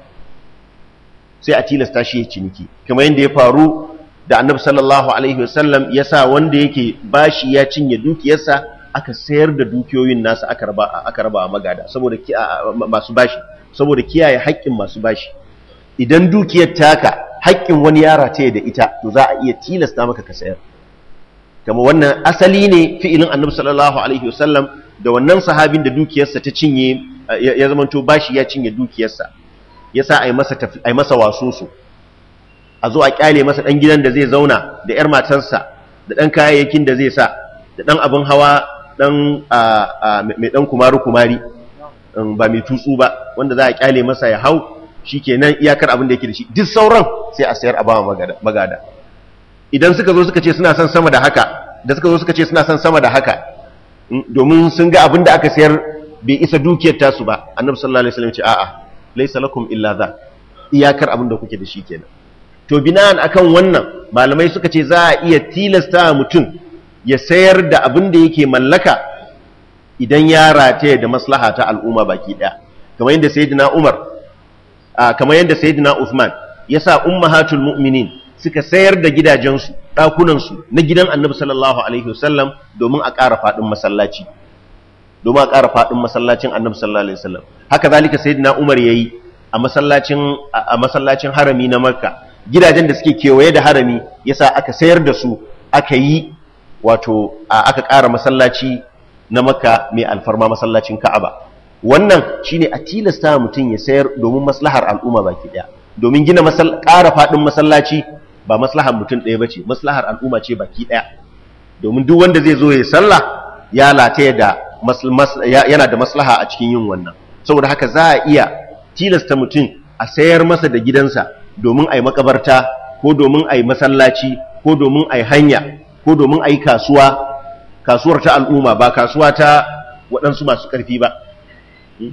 sai a tilasta shi ya ciniki kamar yadda ya faru da annabi sallallahu alaihi wasallam ya sa wanda yake bashi ya cinye dukiyarsa aka sayar da dukiyoyin nasa aka raba a magada saboda masu bashi saboda kiyaye haƙƙin masu bashi idan dukiyar taka haƙƙin wani yara ta da ita to za a iya tilasta maka ka sayar kama wannan asali ne fi'ilin annabi sallallahu alaihi wasallam da wannan sahabin da dukiyarsa ta cinye ya zamanto bashi ya cinye dukiyarsa yasa ai masa ai masa wasusu a zo a kyale masa ɗan gidan da zai zauna da yar matarsa da dan kayayyakin da zai sa da dan abin hawa dan mai dan kumari kumari um, ba mai tutsu ba wanda za a kyale masa ya hau Shi shikenan iyakar abin da yake da shi duk sauran sai a sayar a ba magada idan suka zo suka ce suna son sama da haka da suka zo suka ce suna son sama da haka mm, domin sun ga abin da aka sayar bai isa dukiyar tasu ba annabi sallallahu alaihi wasallam ce a'a laysa lakum illa za iyakar abin da kuke da shi kenan to bina'an akan wannan malamai suka ce za a iya tilasta mutum ya sayar da abin da yake mallaka idan ya rataye da maslaha ta al'umma baki daya kamar yadda sayyidina Umar kamar yadda sayyidina Uthman yasa ummahatul mu'minin suka sayar da gidajensu ɗakunansu na gidan annabi sallallahu alaihi wasallam domin a ƙara faɗin masallaci domin a ƙara faɗin masallacin annabi sallallahu alaihi wasallam haka zalika sayyidina umar yayi a masallacin a masallacin harami na makka gidajen da suke kewaye da harami yasa aka sayar da su aka yi wato aka ƙara masallaci na makka mai alfarma masallacin ka'aba wannan shine a tilasta mutum ya sayar domin maslahar al'umma baki ɗaya. domin gina ƙara faɗin masallaci ba maslahar mutum ɗaya ba bace maslahar al'umma ce baki ɗaya domin duk wanda zai zo ya sallah ya lataya da yana da maslaha a cikin yin wannan saboda haka za a iya tilasta mutum a sayar masa da gidansa domin a yi makabarta ko domin a yi masallaci ko domin a yi hanya ko domin a yi kasuwa kasuwar ta al'umma ba kasuwa ta waɗansu masu ƙarfi ba hmm?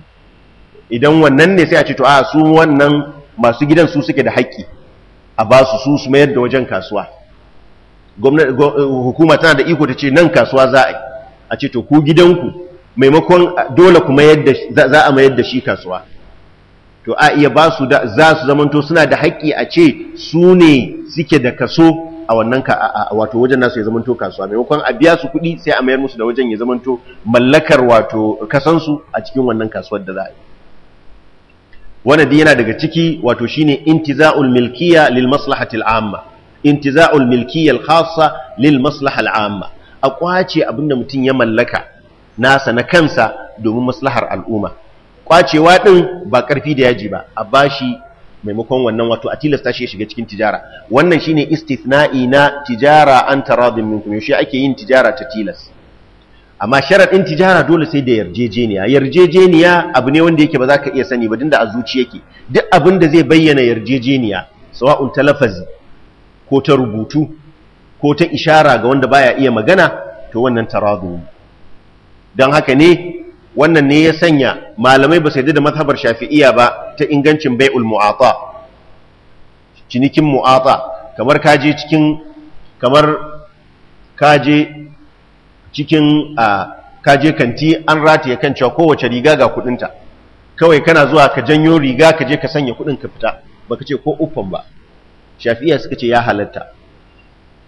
idan wannan ne sai a ce to a su wannan masu gidan su suke da haƙƙi a ba su su su mayar da wajen kasuwa hukuma tana da iko ta ce nan kasuwa za a yi a ce to ku gidanku maimakon dole kuma za a mayar da shi kasuwa to a iya ba su za su zamanto suna da haƙƙi a ce su ne suke da kaso a wannan ka a wato wajen nasu ya zamanto kasuwa maimakon a biya su kuɗi sai a mayar musu da wajen ya zamanto mallakar wato kasansu a cikin wannan kasuwar da za a yi wannan da yana daga ciki wato shine intiza'ul milkiya lil maslahati al'amma intiza'ul milkiya khassa lil maslaha a kwace abinda mutum ya mallaka nasa na kansa domin maslahar al'umma kwacewa din ba karfi da yaji ba a bashi maimakon wannan wato a tilasta shi ya shiga cikin tijara wannan shine istithna'i na tijara an taradin minkum yaushe ake yin tijara ta tilas amma sharaɗin tijara dole sai da yarjejeniya yarjejeniya abu ne wanda yake ba za ka iya sani ba dinda a zuci yake duk abin da zai bayyana yarjejeniya sawa'un ta lafazi ko ta rubutu ko ta ishara ga wanda baya iya magana to wannan taradu don haka ne wannan ne ya sanya malamai ba su da mazhabar shafi'iya ba ta ingancin bai'ul mu'ata cinikin mu'ata kamar kaje cikin kamar kaje cikin kaje kanti an rataye kan cewa kowace riga ga kudinta kawai kana zuwa ka janyo riga ka je ka sanya kudin ka fita baka ce ko uffan ba Shafi'a suka ce ya halatta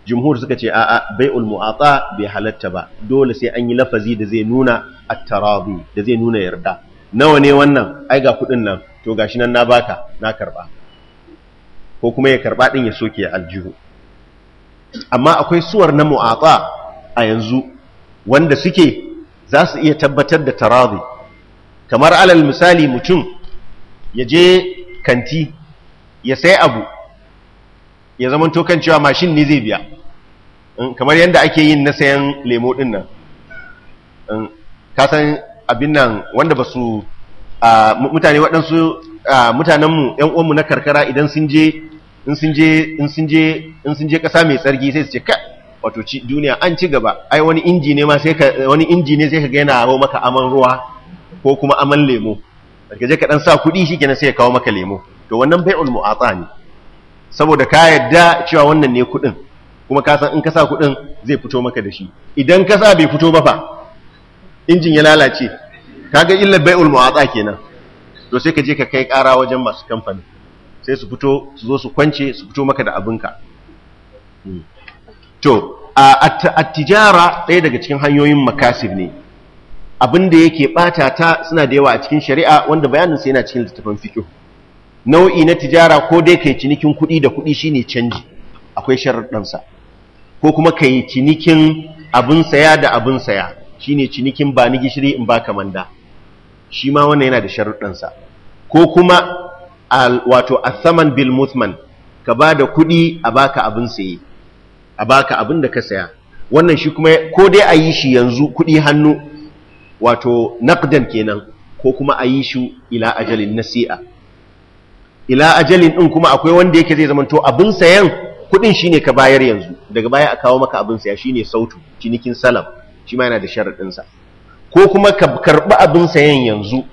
jumhur suka ce a'a bai'ul mu'ata bai halatta ba dole sai an yi lafazi da zai nuna at-taradi da zai nuna yarda nawa ne wannan ai ga kudin nan to gashi nan na baka na karba ko kuma ya karba din ya soke aljihu amma akwai suwar na mu'ata a yanzu wanda suke za su iya tabbatar da tarazi kamar alal misali mutum ya je kanti ya sai abu ya zama tokan cewa mashin ne zai biya kamar yadda ake yin na sayan lemo din nan kasan abin nan wanda ba su mutane waɗansu mutanenmu ‘yan uwanmu na karkara idan sun je in sun je ƙasa mai tsarki sai su ce ka wato duniya an ci gaba ai wani inji ne ma sai ka wani inji ne sai ka ga yana hawo maka aman ruwa ko kuma aman lemo ka je ka dan sa kuɗi shikenan sai ya kawo maka lemo to wannan bai'ul mu'ata ne saboda ka yadda cewa wannan ne kuɗin kuma ka san in ka sa kuɗin zai fito maka da shi idan ka sa bai fito ba fa injin ya lalace kaga illar bai'ul mu'ata kenan to sai ka je ka kai kara wajen masu kamfani sai su fito su zo su kwance su fito maka da abinka hmm. to a tijara ɗaya daga cikin hanyoyin makasif ne abin da yake ɓata ta suna da yawa a cikin shari'a wanda bayanin sai yana cikin littafin fiƙo. nau'i na tijara ko dai kai cinikin kuɗi da kuɗi shine canji akwai sharuɗan ko kuma kai cinikin abin saya da abin saya shine cinikin ba ni gishiri in baka manda shi ma wannan yana da sharuɗan ko kuma wato athaman bil muthman ka ba da kuɗi a baka abin saye a baka abin da ka saya wannan shi kuma ko dai a yi shi yanzu kuɗi hannu wato naqdan kenan ko kuma a yi shi ila ajalin nasi'a ila ajalin din kuma akwai wanda yake zai zamanto abin sayan kuɗin shine ka bayar yanzu daga baya a kawo maka abin saya shine sautu cinikin salam shi ma yana da sharadin sa ko kuma ka karɓi abin sayan yanzu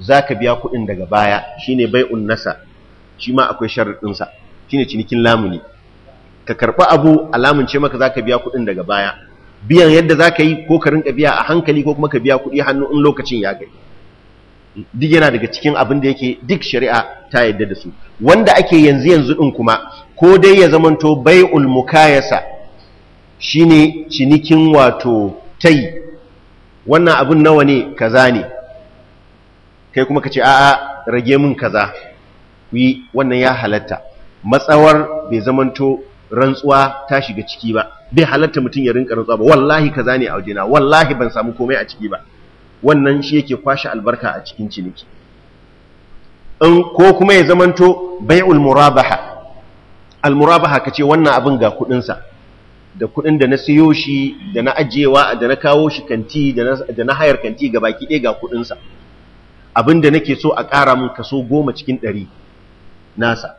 zaka biya kuɗin daga baya shine bai'un nasa shi ma akwai sharadin sa shine cinikin lamuni ka karɓi abu alamun ce maka ka biya kuɗin daga baya biyan yadda za ka yi ko ka rinka biya a hankali ko kuma ka biya kuɗi hannu in lokacin ya gari duk yana daga cikin abin da yake duk shari'a ta yadda da su wanda ake yanzu yanzu din kuma ko dai ya zamanto bai'ul shi shine cinikin wato tai wannan abin nawa ne kaza ne kai kuma ka ce, a'a rage min kaza yi wannan ya halatta matsawar bai zamanto rantsuwa ta shiga ciki ba bai halatta mutum ya rinka rantsuwa ba wallahi kaza ne a wajena wallahi ban samu komai a ciki ba wannan shi yake kwashe albarka a cikin ciniki in ko kuma ya zamanto bai'ul murabaha al ka ce wannan abin ga kudin sa da kudin da na siyo shi da na ajiyewa da na kawo shi kanti da na hayar kanti ga baki ɗaya ga kudin abin da nake so a ƙara min kaso goma cikin ɗari nasa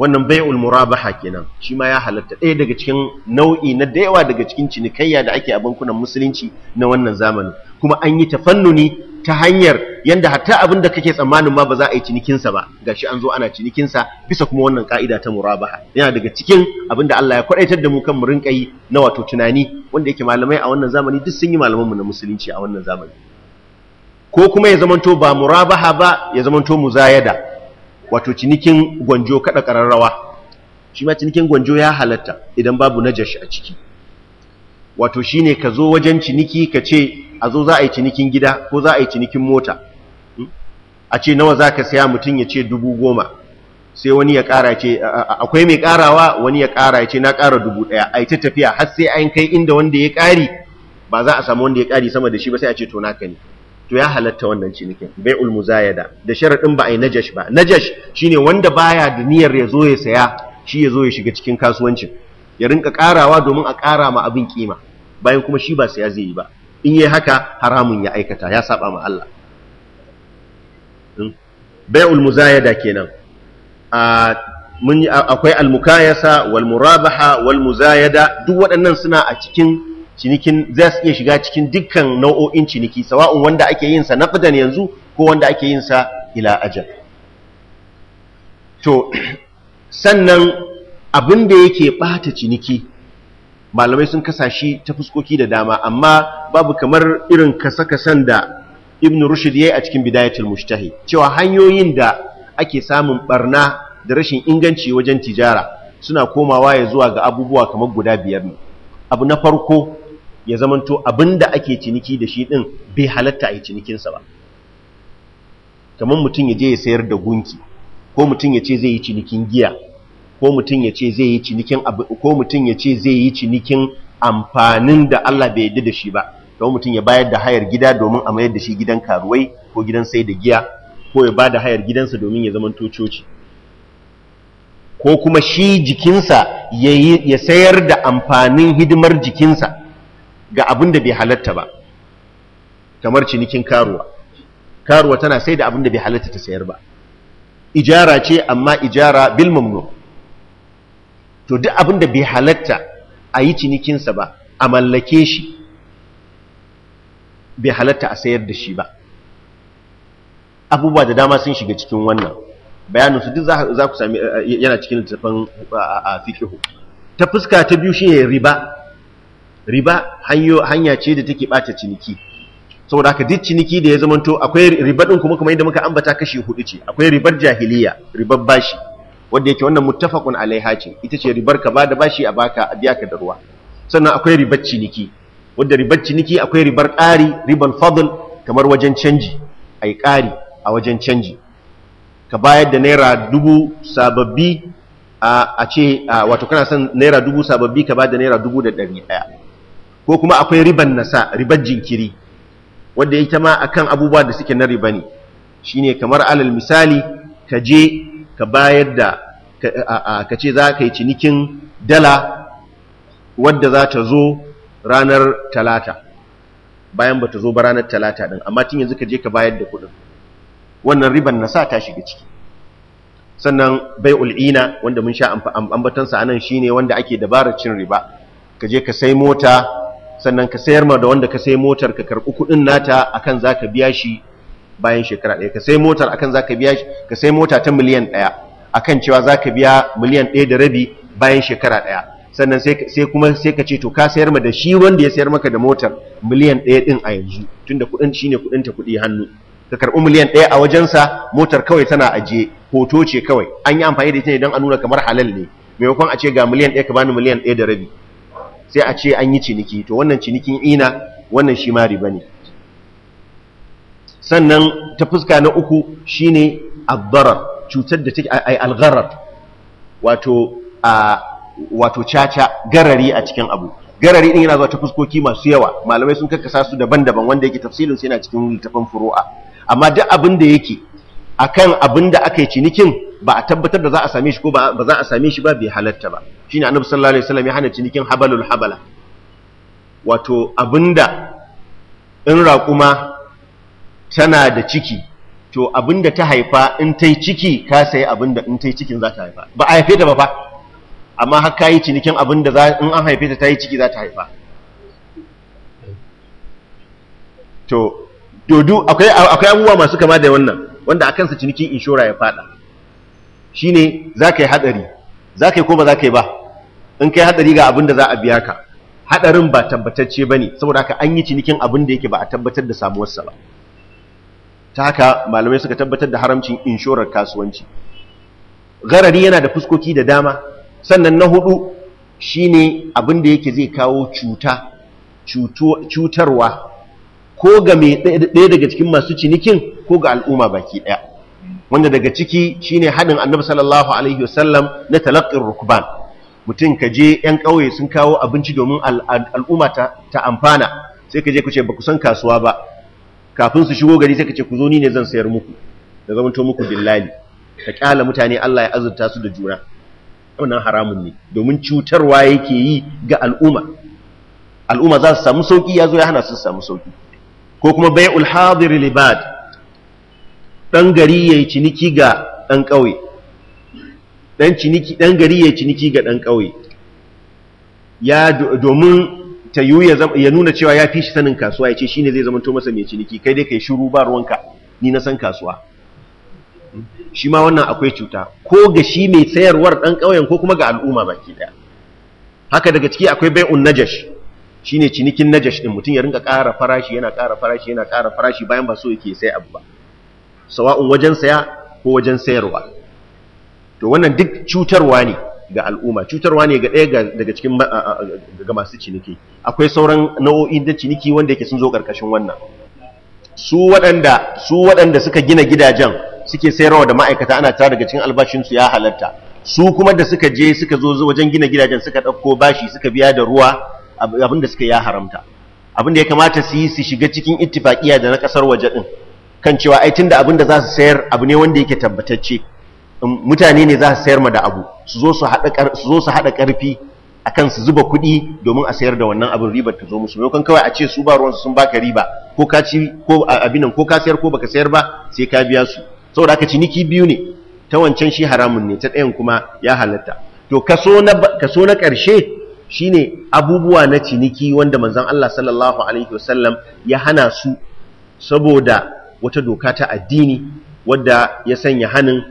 wannan bai'ul murabaha kenan shi ma ya halatta ɗaya daga cikin nau'i na da yawa daga cikin cinikayya da ake a bankunan musulunci na wannan zamanin kuma an yi tafannuni ta hanyar yadda hatta abin da kake tsammanin ma ba za a yi cinikinsa ba Ga shi an zo ana cinikinsa bisa kuma wannan ka'ida ta murabaha yana daga cikin abin da Allah ya kwadaitar da mu kan mu rinka yi na wato tunani wanda yake malamai a wannan zamani duk sun yi malaman mu na musulunci a wannan zamani ko kuma ya zamanto ba murabaha ba ya zamanto muzayada wato cinikin gwanjo kada kararrawa shi ma cinikin gwanjo ya halatta idan babu najashi a ciki wato shi ne ka zo wajen ciniki ka ce a zo za a yi cinikin gida ko za a yi cinikin mota hmm? a ce nawa za ka saya mutum ya ce dubu goma sai wani ya ƙara ce akwai mai ƙarawa wani ya ƙara ya ce na ƙara dubu ɗaya a yi ta tafiya har sai an kai inda wanda ya kari ba za a samu wanda ya kari sama da shi ba sai a ce to naka ne to ya halatta wannan cinikin bai'ul muzayada da ɗin ba a yi najash ba najash shine wanda baya da niyyar ya zo ya saya shi ya zo ya shiga cikin kasuwancin ya rinka karawa domin a kara ma abin kima bayan kuma shi ba saya zai yi ba in yi haka haramun ya aikata ya saba ma Allah hmm? bai'ul muzayada kenan akwai almukayasa wal murabaha wal muzayada duk waɗannan suna a cikin cinikin za su iya shiga cikin dukkan nau'o'in ciniki sawa'un wanda ake yin sa naqdan yanzu ko wanda ake yin sa ila ajal to sannan abin da yake bata ciniki malamai sun kasa shi ta fuskoki da dama amma babu kamar irin kasa-kasan da ibn rushd yayi a cikin bidayatul mushtahi cewa hanyoyin da ake samun barna da rashin inganci wajen tijara suna komawa ya zuwa ga abubuwa kamar guda biyar ne abu na farko ya zamanto da ake ciniki da shi din bai halatta a yi cinikinsa ba kamar mutum ya je ya sayar da gunki ko mutum ya ce zai yi cinikin giya ko mutum ya ce zai yi cinikin ko mutum ya ce zai yi cinikin amfanin da Allah bai yarda da shi ba don mutum ya bayar da hayar gida domin a mayar da shi gidan karuwai ko gidan sai da giya ko ya ba da hayar gidansa domin ya zamanto coci ko kuma shi jikinsa ya sayar da amfanin hidimar jikinsa ga abin da bai halatta ba kamar cinikin karuwa karuwa tana sai da abin da bai halatta ta sayar ba ijara ce amma ijara bil mamnu to duk abin da bai halatta a yi cinikinsa ba a mallake shi bai halatta a sayar da shi ba abubuwa da dama sun shiga cikin wannan bayanin su duk za ku sami yana cikin littafin a fikihu ta fuska ta biyu shi riba riba hanya ce da take bata ciniki saboda haka duk ciniki da ya zamanto akwai riba din kuma kuma idan muka ambata kashi hudu ce akwai ribar jahiliya ribar bashi wanda yake wannan muttafaqun alaiha ce ita ce ribar ka bada bashi a baka a biya ka da ruwa sannan akwai ribar ciniki wanda ribar ciniki akwai ribar qari ribar fadl kamar wajen canji ai ƙari a wajen canji ka bayar da naira dubu sababbi a ce wato kana son naira dubu sababbi ka ba da naira dubu da ɗari ɗaya ko kuma akwai riban nasa ribar jinkiri wanda ita ma akan abubuwa da suke na riba ne shine kamar alal misali ka je ka bayar da ka ce za ka yi cinikin dala wadda za ta zo ranar talata bayan ba ta zo ba ranar talata din amma tun yanzu ka je ka bayar da kuɗin wannan riban nasa ta shiga ciki sannan bai ul'ina wanda mun sha ambatansa anan shine wanda ake dabarar cin riba ka je ka sai mota sannan ka sayar ma da wanda ka sai motar ka karɓi kuɗin nata akan za ka biya shi bayan shekara ɗaya ka sai motar akan za ka biya shi ka sai mota ta miliyan ɗaya akan cewa za ka biya miliyan ɗaya da rabi bayan shekara ɗaya sannan sai kuma sai ka ce to ka sayar ma da shi wanda ya sayar maka da motar miliyan ɗaya ɗin a yanzu tunda kuɗin shine kuɗin ta kuɗi hannu ka karɓi miliyan ɗaya a wajensa motar kawai tana ajiye hoto ce kawai an yi amfani da ita ne don a nuna kamar halal ne maimakon a ce ga miliyan ɗaya ka bani miliyan ɗaya da rabi sai a ce an yi ciniki to wannan cinikin ina wannan shi ma riba ne sannan ta fuska na uku shine abdara cutar da take ai algharar wato a wato caca garari a cikin abu garari din yana zuwa ta fuskoki masu yawa malamai sun karkasa su daban-daban wanda yake tafsirin sai yana cikin littafin furu'a amma duk abin da yake akan abin da aka yi cinikin ba a tabbatar da za a same shi ko ba za a same shi ba bai halatta ba shine annabi sallallahu alaihi wasallam ya hana cinikin habalul habala wato abinda in raƙuma tana da ciki to abinda ta haifa in tai ciki ka sayi abinda in tai cikin za ta haifa ba a haife ta ba fa amma har kai yi cinikin abinda in an haife ta tai yi ciki za ta haifa to dodo akwai abubuwa masu kama da wannan wanda a kansa cinikin inshora ya fada Shi ne, za ka yi haɗari za ka yi ko ba za ka yi ba in ka yi haɗari ga abin da za a biya ka haɗarin ba tabbatacce ba ne saboda haka an yi cinikin abin da yake ba a tabbatar da samuwarsa ba ta haka malamai suka tabbatar da haramcin inshorar kasuwanci garari yana da fuskoki da dama sannan na hudu shi ne abin da yake zai kawo cuta cutarwa ko ga mai ɗaya daga cikin masu cinikin ko ga al'umma baki ɗaya wanda daga ciki shine haɗin annabi sallallahu alaihi wasallam na talaqqin rukban mutum ka je yan kauye sun kawo abinci domin al'umma ta amfana sai ka je ku ce ba ku san kasuwa ba kafin su shigo gari sai ka ce ku zo ni ne zan sayar muku da to muku dillali ka kyala mutane Allah ya azurta su da juna wannan haramun ne domin cutarwa yake yi ga al'umma al'umma za su samu sauki ya ya hana su samu sauki ko kuma bai'ul hadir libad ɗan gari ya yi ciniki ga ɗan ƙauye ɗan gari ya ciniki ga ɗan ƙauye ya domin ta yi ya nuna cewa ya fi shi sanin kasuwa ya ce shi ne zai to masa mai ciniki kai dai ka yi shuru ba ruwanka ni na san kasuwa shi ma wannan akwai cuta ko ga shi mai sayarwar ɗan ƙauyen ko kuma ga al'umma baki haka daga ciki akwai bai'un najash shine cinikin najash ɗin mutum ya rinka ƙara farashi yana ƙara farashi yana ƙara farashi bayan ba so yake sai abu ba sawa'un wajen saya ko wajen sayarwa to wannan duk cutarwa ne ga al'umma cutarwa ne ga ɗaya daga cikin ga masu ciniki akwai sauran nau'o'i da ciniki wanda yake sun zo ƙarƙashin wannan su waɗanda su waɗanda suka gina gidajen suke sayarwa da ma'aikata ana tara daga cikin albashinsu ya halatta su kuma da suka je suka zo wajen gina gidajen suka ɗauko bashi suka biya da ruwa abinda suka ya haramta abinda ya kamata su yi su shiga cikin ittifaqiya da na ƙasar waje din kan cewa ai tunda abin da za su sayar abu ne wanda yake tabbatacce um, mutane ne za su sayar ma da abu su zo su haɗa ƙarfi a kan su zuba kuɗi domin a sayar da wannan abin ribar ta zo musu maimakon kawai a ce su ba ruwansu sun baka riba ko ka ci ko abinan ko ka sayar ko baka sayar ba sai ka biya su saboda haka ciniki biyu ne ta wancan shi haramun ne ta ɗayan kuma ya halatta to kaso na kaso na ƙarshe shine abubuwa na ciniki wanda manzon Allah sallallahu alaihi wasallam ya hana su saboda wata doka ta addini wadda ya sanya hannun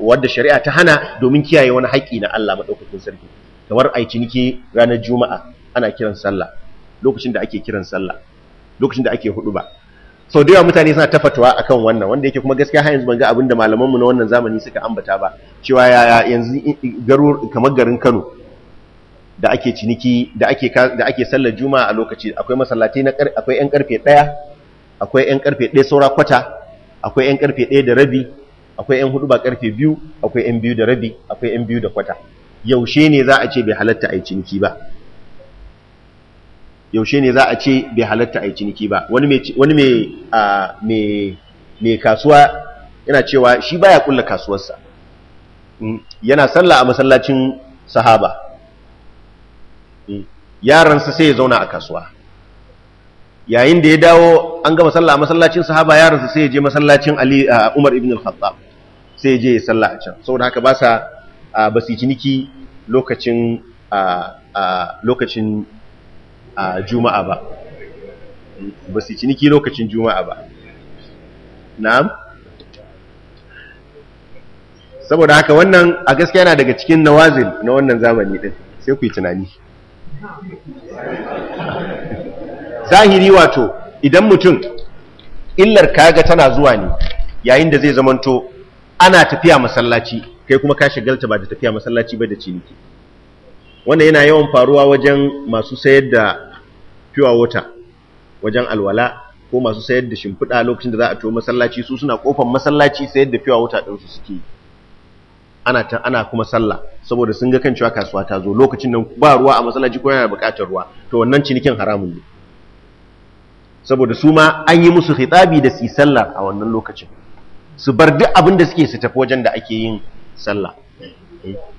wadda shari'a ta hana domin kiyaye wani haƙƙi na Allah maɗaukakin sarki kamar ai ciniki ranar juma'a ana kiran sallah lokacin da ake kiran sallah lokacin da ake hudu ba sau da yawa mutane suna ta fatawa akan wannan wanda yake kuma gaskiya har yanzu ban ga abin da malamanmu na wannan zamani suka ambata ba cewa yaya yanzu kamar garin Kano da ake ciniki da ake sallar juma'a a lokaci akwai masallatai na akwai yan karfe ɗaya akwai 'yan ƙarfe ɗaya saura kwata akwai 'yan ƙarfe ɗaya da rabi akwai 'yan hudu ba ƙarfe biyu akwai 'yan biyu da rabi akwai 'yan biyu da kwata yaushe ne za a ce bai halatta a yi ciniki ba yaushe ne za a ce bai halatta a yi ciniki ba wani mai kasuwa yana cewa shi baya kulla kasuwarsa mm, yana sallah a masallacin sahaba mm, yaransa sai ya zauna a kasuwa yayin da ya dawo an gama sallah a masallacin sahaba yaransa sai ya je masallacin Ali Umar ibn al-Khattab sai ya je ya sallah a can saboda haka ba sa basi ciniki lokacin lokacin juma'a ba basi ciniki lokacin juma'a ba na'am saboda haka wannan a gaskiya yana daga cikin nawazil na wannan zamani din sai ku yi tunani zahiri wato idan mutum illar kaga tana zuwa ne yayin da zai zamanto ana tafiya masallaci kai kuma ka shagalta ba da tafiya masallaci ba da ciniki wannan yana yawan faruwa wajen masu sayar da pure water wajen alwala ko masu sayar da shimfiɗa lokacin da za a ciwo masallaci su suna kofar masallaci sayar da pure water ɗansu suke ana ta kuma sallah saboda sun ga kan cewa kasuwa ta zo lokacin nan ba ruwa a masallaci ko yana buƙatar ruwa to wannan cinikin haramun ne saboda su ma an yi musu hitabi da su sallah a wannan lokacin su bar duk abin da suke su tafi wajen da ake yin sallah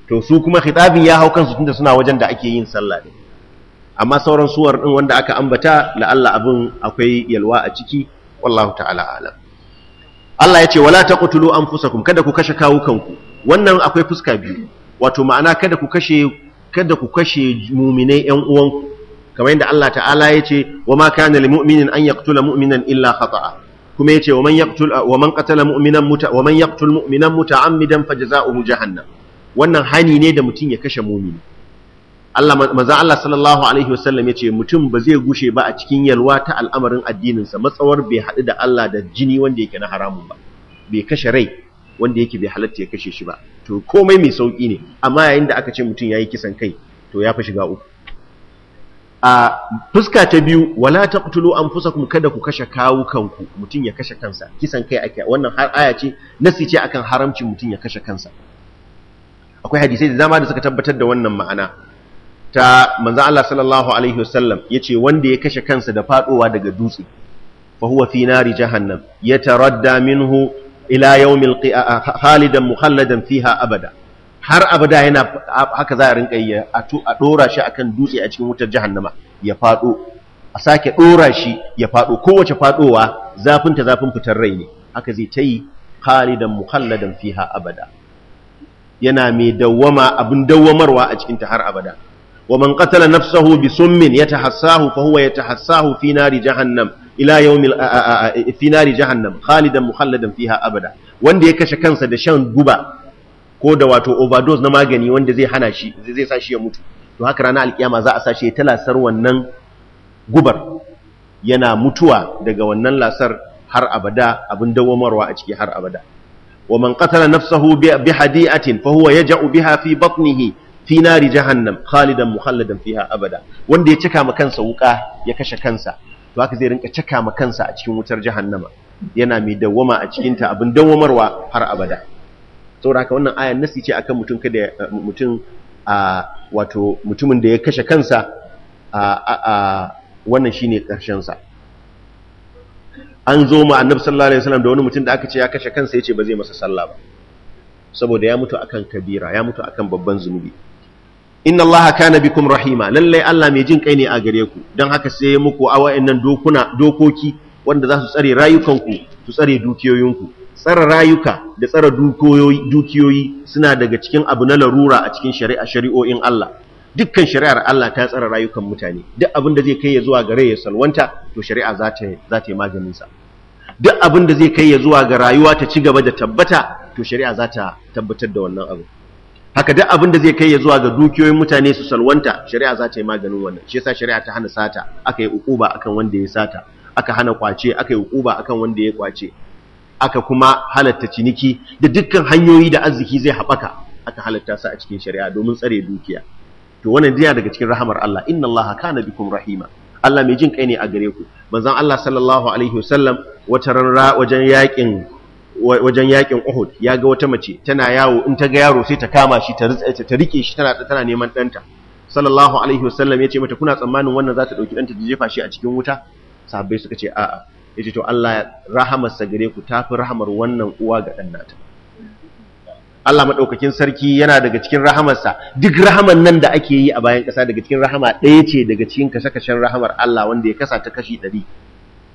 to su kuma hitabin ya hau kansu tunda suna wajen da ake yin sallah ne amma sauran suwar din wanda aka ambata la'alla abin akwai yalwa a ciki wallahu ta'ala alam Allah ya ce wala taqtulu anfusakum kada ku kashe kawukanku wannan akwai fuska biyu wato ma'ana kada ku kashe kada ku kashe mu'minai ƴan uwanku kamar yadda Allah ta'ala ya ce wa ma kana lil mu'minin an yaqtula mu'minan illa khata'a kuma yace wa man yaqtul wa man qatala mu'minan muta wa man yaqtul mu'minan muta'ammidan fajza'uhu jahannam wannan hani ne da mutum ya kashe mumini Allah manzo Allah sallallahu alaihi wasallam yace mutum ba zai gushe ba a cikin yalwa ta al'amarin addinin sa matsawar bai hadu da Allah da jini wanda yake na haramun ba bai kashe rai wanda yake bai halatta ya kashe shi ba to komai mai sauki ne amma yayin da aka ce mutum yayi kisan kai to ya fa shiga uku a fuska ta biyu wala ta taqtulu anfusakum kada ku kashe kanku mutum ya kashe kansa kisan kai ake wannan har aya ce nasi ce akan haramcin mutum ya kashe kansa akwai hadisai da dama da suka tabbatar da wannan ma'ana ta manzon Allah sallallahu alaihi wasallam yace wanda ya kashe kansa da fadowa daga dutse fa huwa fi nari jahannam yataradda minhu ila yawmil qiyamah khalidan mukhalladan fiha abada har abada yana haka za a rinka yi a ɗora shi akan dutse a cikin wutar jahannama ya faɗo a sake ɗora shi ya faɗo kowace faɗowa zafinta zafin fitar rai ne haka zai ta yi khalidan muhalladan fiha abada yana mai dawwama abin dawwamarwa a cikinta har abada wa man qatala nafsahu bi summin yatahassahu fa huwa yatahassahu fi nari jahannam ila yawmil fi nari jahannam khalidan muhalladan fiha abada wanda ya kashe kansa da shan guba ko da wato overdose na magani wanda zai hana shi zai sa shi ya mutu to haka ranar alkiyama za a sa shi ta lasar wannan gubar yana mutuwa daga wannan lasar har abada abin dawamarwa a ciki har abada wa man qatala nafsahu bi hadi'atin fa huwa yaj'u biha fi batnihi fi nari jahannam khalidan mukhalladan fiha abada wanda ya cika ma kansa wuka ya kashe kansa to haka zai rinka cika ma kansa a cikin wutar jahannama yana mai dawama a cikin ta abin dawamarwa har abada saboda haka wannan ayan nasi ce akan mutum kada mutum a wato mutumin da ya kashe kansa a wannan shine karshen sa an zo ma annabi sallallahu alaihi wasallam da wani mutum da aka ce ya kashe kansa yace ba zai masa sallah ba saboda ya mutu akan kabira ya mutu akan babban zunubi inna allaha kana bikum rahima lallai Allah mai jin kai ne a gare ku don haka sai muku a wa'annan dokuna dokoki wanda za su tsare rayukanku su tsare dukiyoyinku tsara rayuka da tsara dukiyoyi suna daga cikin abu na larura a cikin shari'a shari'o'in Allah dukkan shari'ar Allah ta tsara rayukan mutane duk abin da zai kai ya zuwa gare ya salwanta to shari'a za ta za ta yi maganin sa duk abin da zai kai ya zuwa ga rayuwa ta ci gaba da tabbata to shari'a za ta tabbatar da wannan abu haka duk abin da zai kai ya zuwa ga dukiyoyin mutane su salwanta shari'a za ta yi maganin wannan shi yasa shari'a ta hana sata aka yi ukuba akan wanda ya sata aka hana kwace aka yi ukuba akan wanda ya kwace aka kuma halatta ciniki da dukkan hanyoyi da arziki zai haɓaka aka halatta su a cikin shari'a domin tsare dukiya to wannan yana daga cikin rahamar Allah inna Allah kana bikum rahima Allah mai jin kai ne a gare ku manzon Allah sallallahu alaihi wasallam wata ranra wajen yakin wajen yakin Uhud ya ga wata mace tana yawo in ta ga yaro sai ta kama shi ta rike shi tana tana neman danta sallallahu alaihi wasallam ya ce mata kuna tsammanin wannan za ta dauki danta ta jefa shi a cikin wuta sahabbai suka ce a'a yace to Allah rahamarsa gare ku tafi rahamar wannan uwa ga dan nata Allah madaukakin sarki yana daga cikin rahamarsa duk rahaman nan da ake yi a bayan kasa daga cikin rahama ɗaya ce daga cikin kashe-kashen rahamar Allah wanda ya kasa ta kashi ɗari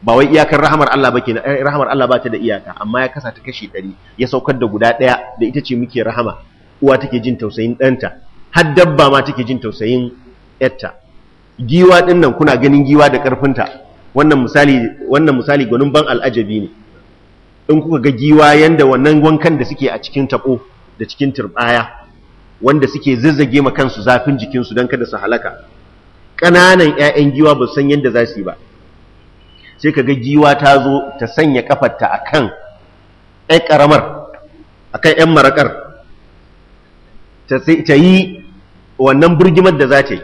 ba wai iyakar rahamar Allah ba kenan eh, rahamar Allah ba ta da iyaka amma ya kasa ta kashi ɗari ya saukar da guda ɗaya da ita ce muke rahama uwa take jin tausayin ɗanta har dabba ma take jin tausayin yarta giwa ɗin nan kuna ganin giwa da ƙarfinta wannan misali ganin gwanin ban al'ajabi ne in kuka ga giwa yadda wannan wankan da suke a cikin taɓo da cikin turbaya wanda suke zazzage ma kansu zafin jikinsu don kada su halaka ƙananan 'ya'yan giwa ba san yadda za su yi ba sai ka ga giwa ta zo ta sanya ƙafarta a kan 'yan ƙaramar a kan 'yan maraƙar ta yi wannan burgimar da za ta yi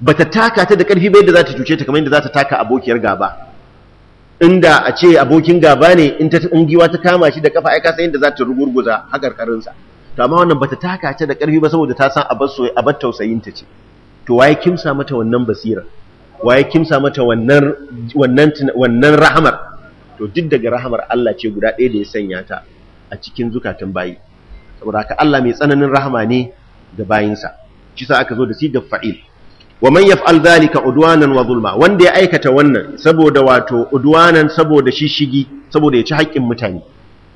bata taka ta da ƙarfi bai da za ta cuce ta kamar yadda za ta taka abokiyar gaba inda a ce abokin gaba ne in ta giwa ta kama shi da kafa ai ka san yadda za ta rugurguza hakarkarin to amma wannan bata taka ta da ƙarfi ba saboda ta san abar so abar tausayin ta ce to waye kimsa mata wannan basira waye kimsa mata wannan wannan wannan rahamar to duk daga rahamar Allah ce guda ɗaya da ya sanya ta a cikin zukatan bayi saboda haka Allah mai tsananin rahama ne ga bayinsa shi sa aka zo da sigar fa'il wa man yaf'al dhalika udwanan wa zulma wanda ya aikata wannan saboda wato udwanan saboda shishigi saboda ya ci haƙƙin mutane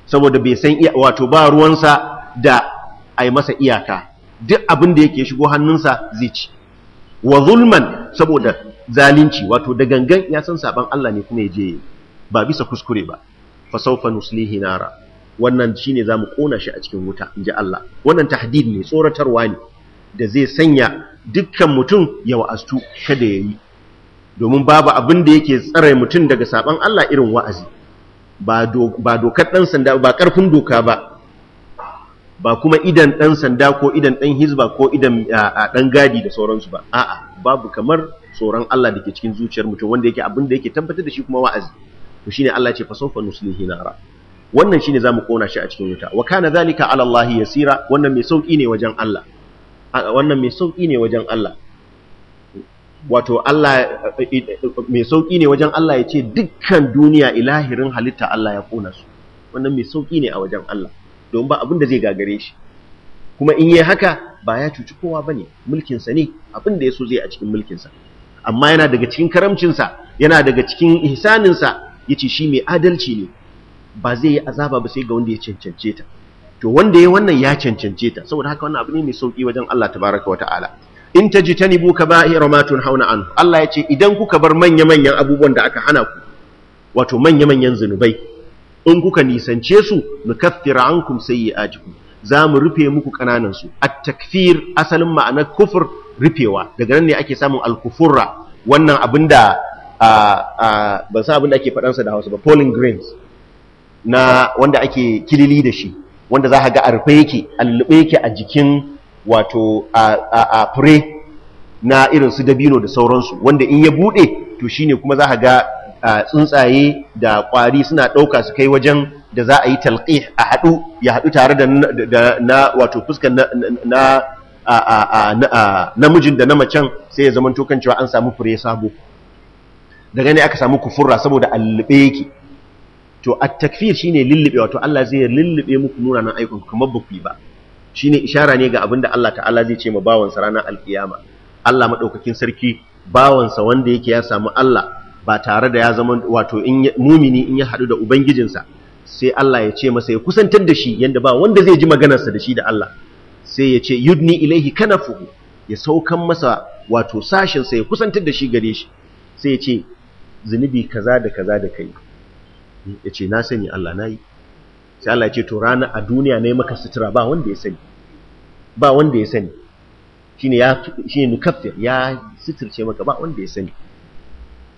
saboda bai san wato ba ruwansa da ai masa iyaka duk abin da yake shigo hannunsa zai ci wa zulman saboda zalunci wato da gangan ya san saban Allah ne kuma ya je ba bisa kuskure ba fa sawfa nuslihi nara wannan shine zamu kona shi a cikin wuta inji Allah wannan tahdid ne tsoratarwa ne da zai sanya dukkan mutum ya wa'astu kada ya yi domin babu abin da yake tsare mutum daga saban Allah irin wa'azi ba dokar ɗan sanda ba ƙarfin doka ba ba kuma idan ɗan sanda ko idan ɗan hizba ko idan ɗan gadi da sauransu ba a'a babu kamar tsoron Allah da ke cikin zuciyar mutum wanda yake abin da yake tabbatar da shi kuma wa'azi to shine Allah ya ce fa nuslihi nara wannan shine zamu kona shi a cikin wuta wa kana zalika ala Allah yasira wannan mai sauƙi ne wajen Allah wannan mai sauki ne wajen Allah wato Allah mai sauki ne wajen Allah ya ce dukkan duniya ilahirin halitta Allah ya kona su wannan mai sauki ne a wajen Allah don ba abin da zai gagare shi kuma in yi haka ba ya cuci kowa ba ne, mulkinsa ne abin da ya so zai a cikin mulkinsa amma yana daga cikin karamcinsa yana daga cikin ihsaninsa ya ce shi mai adalci ne ba zai yi azaba ba sai ga wanda ya cancance ta to wanda ya wannan ya cancance ta saboda haka wannan abu ne mai sauki wajen Allah tabaraka wa ta'ala in tajtanibu kaba'ira ma tunhauna anhu Allah ya ce idan kuka bar manya-manyan abubuwan da aka hana ku wato manya-manyan zunubai in kuka nisance su nukaffira ankum sayyi'atikum za mu rufe muku kananan su at-takfir asalin ma'anar kufur rufewa daga nan ne ake samun al-kufurra wannan abinda a ban san abinda ake faɗansa da Hausa ba polling grains na wanda ake kilili da shi wanda za a ga a rufe yake a yake a jikin wato a fure na irin su dabino da sauransu wanda in ya buɗe to shi ne kuma za a ga tsuntsaye da ƙwari suna ɗauka su kai wajen da za a yi talƙi a haɗu ya haɗu tare da na wato fuskar na namijin da na macen sai ya zama tokancewa an samu fure sabo Da ne aka samu kufurra saboda allube yake to at takfir shine lullube wato Allah zai lullube muku nuna nan aikon kamar ba ku yi ba shine ishara ne ga abinda Allah ta'ala zai ce ma bawansa ranar alkiyama Allah madaukakin sarki bawansa wanda yake ya samu Allah ba tare da ya zama wato in mumini in ya haɗu da ubangijinsa sai Allah ya ce masa ya kusantar da shi yanda ba wanda zai ji maganar sa da shi da Allah sai ya ce yudni ilaihi kanafu ya saukan masa wato sashinsa ya kusantar da shi gare shi sai ya ce zunubi kaza da kaza da kai ya ce na sani Allah na yi sai Allah ya ce to rana a duniya na yi maka sutura ba wanda ya sani ba wanda ya sani shine ya shine nukaffir ya suturce maka ba wanda ya sani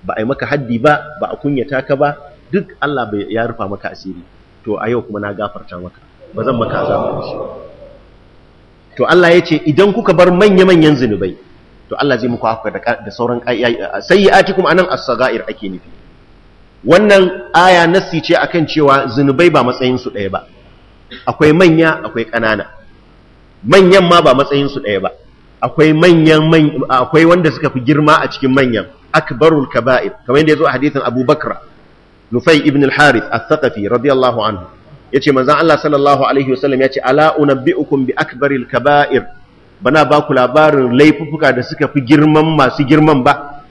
ba a yi maka haddi ba ba a kunyata ka ba duk Allah ya rufa maka asiri to a yau kuma na gafarta maka ba zan maka azaba da shi to Allah ya ce idan kuka bar manya-manyan zunubai to Allah zai muku haka da sauran sayyi'atikum anan as-saga'ir ake nufi wannan aya nassi ce akan cewa zunubai ba matsayin su ɗaya ba akwai manya akwai ƙanana manyan ma ba matsayin su ɗaya ba akwai manyan akwai wanda suka fi girma a cikin manyan akbarul kaba'ir kamar yadda yazo a hadithin Abu Bakr Nufai ibn al-Harith al-Thaqafi radiyallahu anhu yace manzon Allah sallallahu alaihi wasallam yace ala unabbiukum bi akbaril kaba'ir bana ba ku labarin laifuffuka da suka fi girman masu girman ba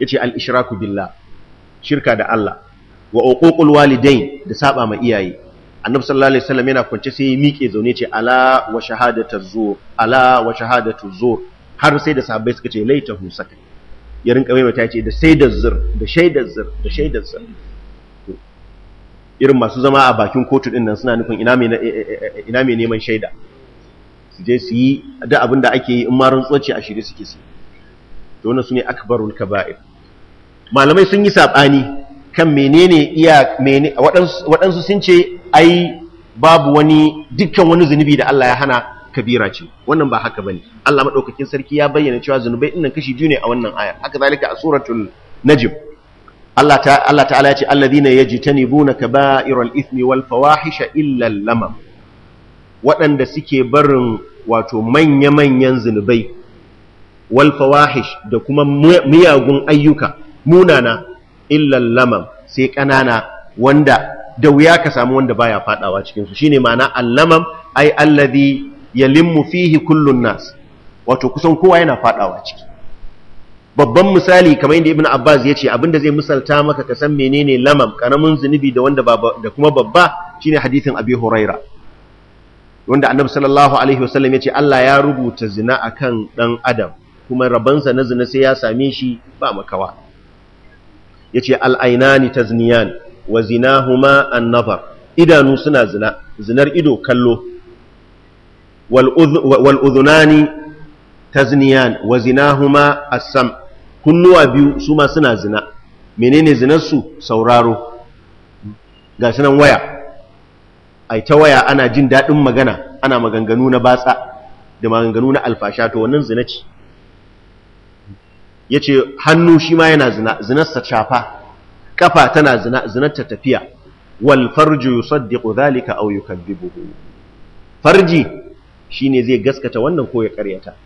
yace al-ishraku billah shirka da Allah wa uququl walidain da saba ma iyaye annabi sallallahu alaihi wasallam yana kwance sai ya miƙe zaune ce ala wa shahadatu zur ala wa shahadatu zur har sai da sahabbai suka ce laitahu saka ya rinka mai mata ce da sai da zur da shaidar zur da shaidar zur irin masu zama a bakin kotu din nan suna nufin ina mai eh, eh, eh, ina mai neman shaida su je su yi da abin da ake yi in ma rantsuwa ce a shirye suke su to wannan sune akbarul kaba'ir malamai sun yi saɓani kan menene iya waɗansu sun ce ai babu wani dukkan wani zunubi da Allah ya hana kabira ce wannan ba haka bane Allah madaukakin sarki ya bayyana cewa zunubai dinnan kashi biyu ne a wannan aya haka zalika a suratul najm Allah ta Allah ta'ala ya ce alladhina yajtanibuna kaba'iral ithmi wal fawahisha illa lamam waɗanda suke barin wato manya-manyan zunubai wal fawahish da kuma miyagun ayyuka munana illan lamam sai kanana wanda da wuya ka samu wanda baya fadawa cikin su shine ma'ana allamam ai alladhi yalimu fihi kullun nas wato kusan kowa yana fadawa ciki babban misali kamar inda ibnu abbas yace abinda zai misalta maka ka san menene lamam karamin zunubi da wanda da kuma babba shine hadisin abi huraira wanda annabi sallallahu alaihi wasallam yace Allah ya rubuta zina akan dan adam kuma rabansa na zina sai ya same shi ba makawa Ya ce al-ainani tazniyan wa huma an nafa. idanu suna zina zinar ido kallo wal'uzunani udhunani tazniyan wa huma as-sam kunnuwa biyu su ma suna zina menene zinar su sauraro Ga sunan waya ai ta waya ana jin daɗin magana ana maganganu na batsa da maganganu na alfasha to wannan zina ce Ya ce hannu shi ma yana zina zinarsa shafa kafa tana zina zinarta tafiya wal farju yusaddiqu dhalika aw yukadibuhu farji shine zai gaskata wannan ko ya karyata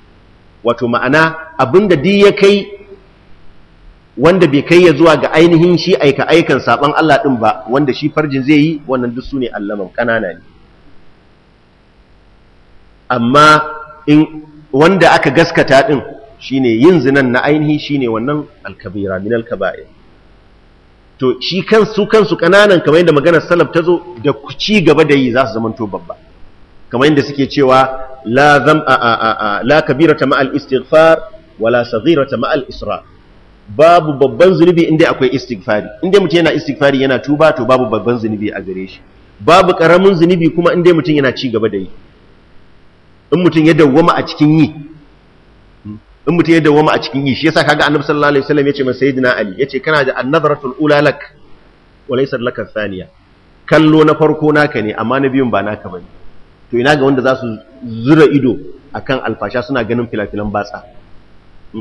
wato ma'ana abinda di ya kai wanda bai kai ya zuwa ga ainihin shi aika aikan saban Allah din ba wanda shi farjin zai yi wannan duk sune allaman kanana ne amma in wanda aka gaskata din Shi ne yin zinan na ainihi shi ne wannan alkabira min alkaba'i to shi kansu kansu ƙananan, kamar yadda maganar salaf ta zo da ci gaba da yi za su to babba kamar yadda suke cewa la zam a a a la ta ma'al istighfar wala ta ma'al isra babu babban zunubi inda akwai istighfari inda mutum yana istighfari yana tuba to babu babban zunubi a gare shi babu karamin zunubi kuma inda mutum yana ci gaba da yi in mutum ya dawwama a cikin yi in mutum ya dawoma a cikin yi shi yasa kaga annabi sallallahu alaihi wasallam yace masa sayyidina ali yace kana da annadaratul ula lak wa laysa lak kallo na farko naka ne amma na biyun ba naka bane to ina ga wanda za su zura ido akan alfasha suna ganin filafilan batsa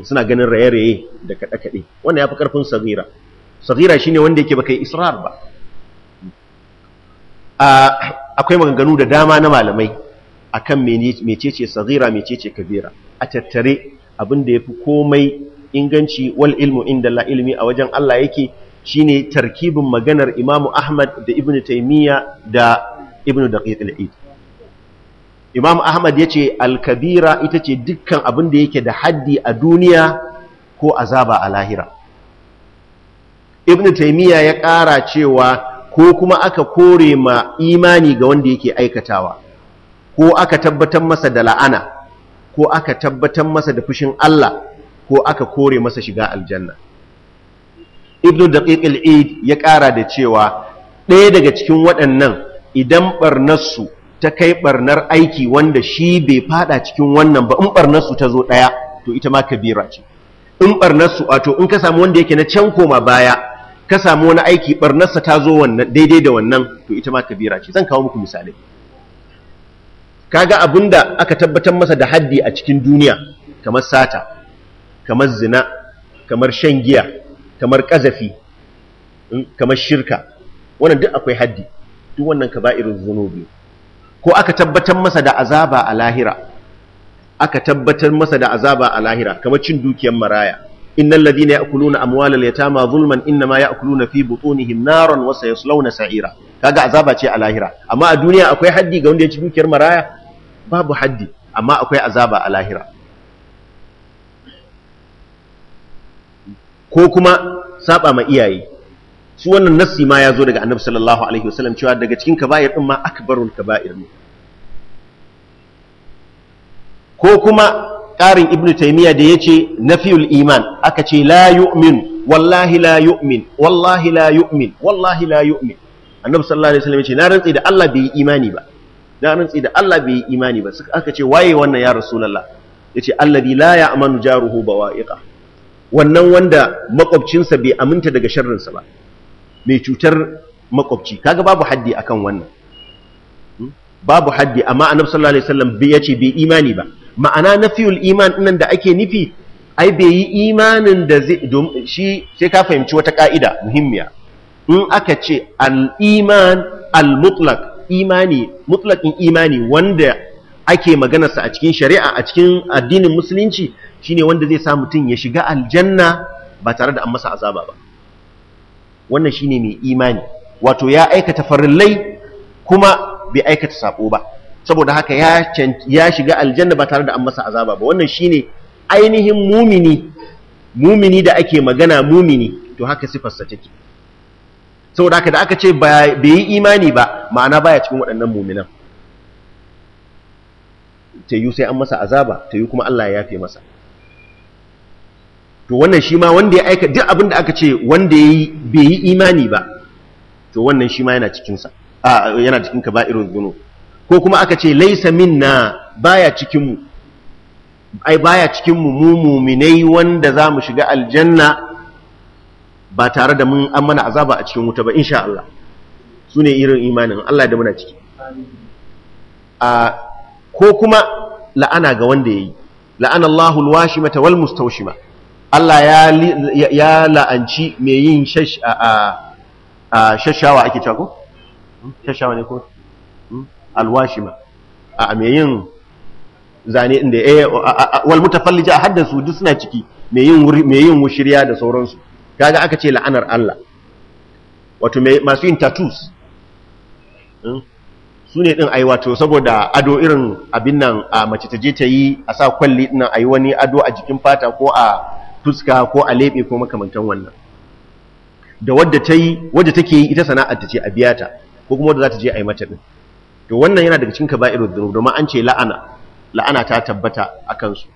suna ganin raye-raye da kaɗe-kaɗe wanda ya fi ƙarfin sagira sagira shine wanda yake baka yi israr ba akwai maganganu da dama na malamai akan mecece sagira mecece kabira a tattare abin da ya fi komai inganci wal ilmu inda la ilmi a wajen Allah yake ne tarkibin maganar Imam Ahmad da Ibn Taymiyyah da Ibn Daqiq al’id imamu Ahmad ya ce, Alkabira ita ce dukkan abin da yake da haddi a duniya ko a azaba a lahira ibn taimiyya ya ƙara cewa ko kuma aka kore ma imani ga wanda yake aikatawa ko aka tabbatar masa da la'ana ko aka tabbatar masa da fushin Allah ko aka kore masa shiga aljanna ibnu daqiq al-eid ya ƙara da cewa ɗaya daga cikin waɗannan idan barnarsu ta kai ɓarnar aiki wanda shi bai fada cikin wannan ba in su ta zo ɗaya to ita ma kabira ce in su wato in ka samu wanda yake na can koma baya ka samu wani aiki ɓarnarsa ta zo wannan daidai da wannan to ita ma kabira ce zan kawo muku misalai kaga abinda aka tabbatar masa da haddi a cikin duniya kamar sata kamar zina kamar shan giya kamar kazafi hmm, kamar shirka wannan duk akwai haddi duk wannan kaba'irul zunubi ko aka tabbatar masa da azaba a lahira aka tabbatar masa da azaba a lahira kamar cin dukiyar maraya innal ladina ya'kuluna amwalal yatama zulman innama ya'kuluna fi butunihim naran wa sayaslawna sa'ira kaga azaba ce a lahira amma a duniya akwai haddi ga wanda ya ci dukiyar maraya babu haddi amma akwai azaba a lahira ko kuma saba ma iyaye Su wannan nassi ma ya zo daga annabi sallallahu alaihi wasallam cewa daga cikin kaba'ir din ma akbarul kaba'ir ne ko kuma ƙarin ibn taymiya da yace nafiyul iman aka ce la yu'min wallahi la yu'min wallahi la yu'min wallahi la yu'min annabi sallallahu alaihi wasallam yace na rantsi da Allah bai yi imani ba na rantsi da Allah bai yi imani ba suka aka ce waye wannan ya rasulullah yace alladhi la ya'manu jaruhu bawa'iqa wannan wanda makwabcinsa bai aminta daga sharrinsa ba mai cutar makwabci kaga babu haddi akan wannan hmm? babu haddi amma annabi sallallahu alaihi wasallam bai yace bai imani ba ma'ana nafiyul iman nan da ake nufi ai bai yi imanin da shi sai ka fahimci wata ka'ida muhimmiya in aka ce al-iman al mutlak. imani mutlakin imani wanda ake maganarsa a cikin shari'a a cikin addinin musulunci shine wanda zai sa mutum ya shiga aljanna ba tare da an masa azaba ba wannan shine mai imani wato ya aikata farillai kuma bai aikata saƙo ba saboda haka ya shiga aljanna ba tare da an masa azaba ba wannan shine ainihin mumini mumini da ake magana mumini to haka sifarsa take saboda haka da aka ce bai yi imani ba ma'ana baya cikin waɗannan muminan ta yi sai an masa azaba ta yi kuma Allah ya yafe masa to wannan shi ma wanda ya aika duk abin da aka ce wanda ya yi bai yi imani ba to wannan shi ma yana cikinsa yana cikin ka ba'irin zuno ko kuma aka ce laisa minna baya cikinmu ai baya cikinmu mu muminai wanda za mu shiga aljanna ba tare da mun an mana azaba a cikin wuta ba insha Allah su ne irin imanin Allah da muna ciki a ko kuma la'ana ga wanda ya yi la'ana Allahu alwashimata wal mustawshima Allah ya la'anci mai yin shashawa ake cewa hmm? shashawa ne ko hmm? alwashima a mai yin zane inda ya eh, yi wal mutafallija haddasu duk suna ciki mai yin mai yin wushiriya da sauransu kaga aka ce la'anar Allah wato masu yin tattoos hmm? su ne ɗin ai wato saboda ado irin abin nan a mace ta je ta yi a sa kwalli ɗin a yi wani ado a jikin fata ko a tuska, ko a leɓe ko makamantan wannan da wadda ta yi wadda take yi ita sana'ar ce a biya ta ko kuma wadda za ta je a yi mata ɗin to wannan yana daga cikin kaba'irud dhunub domin an ce la'ana la'ana ta tabbata a kansu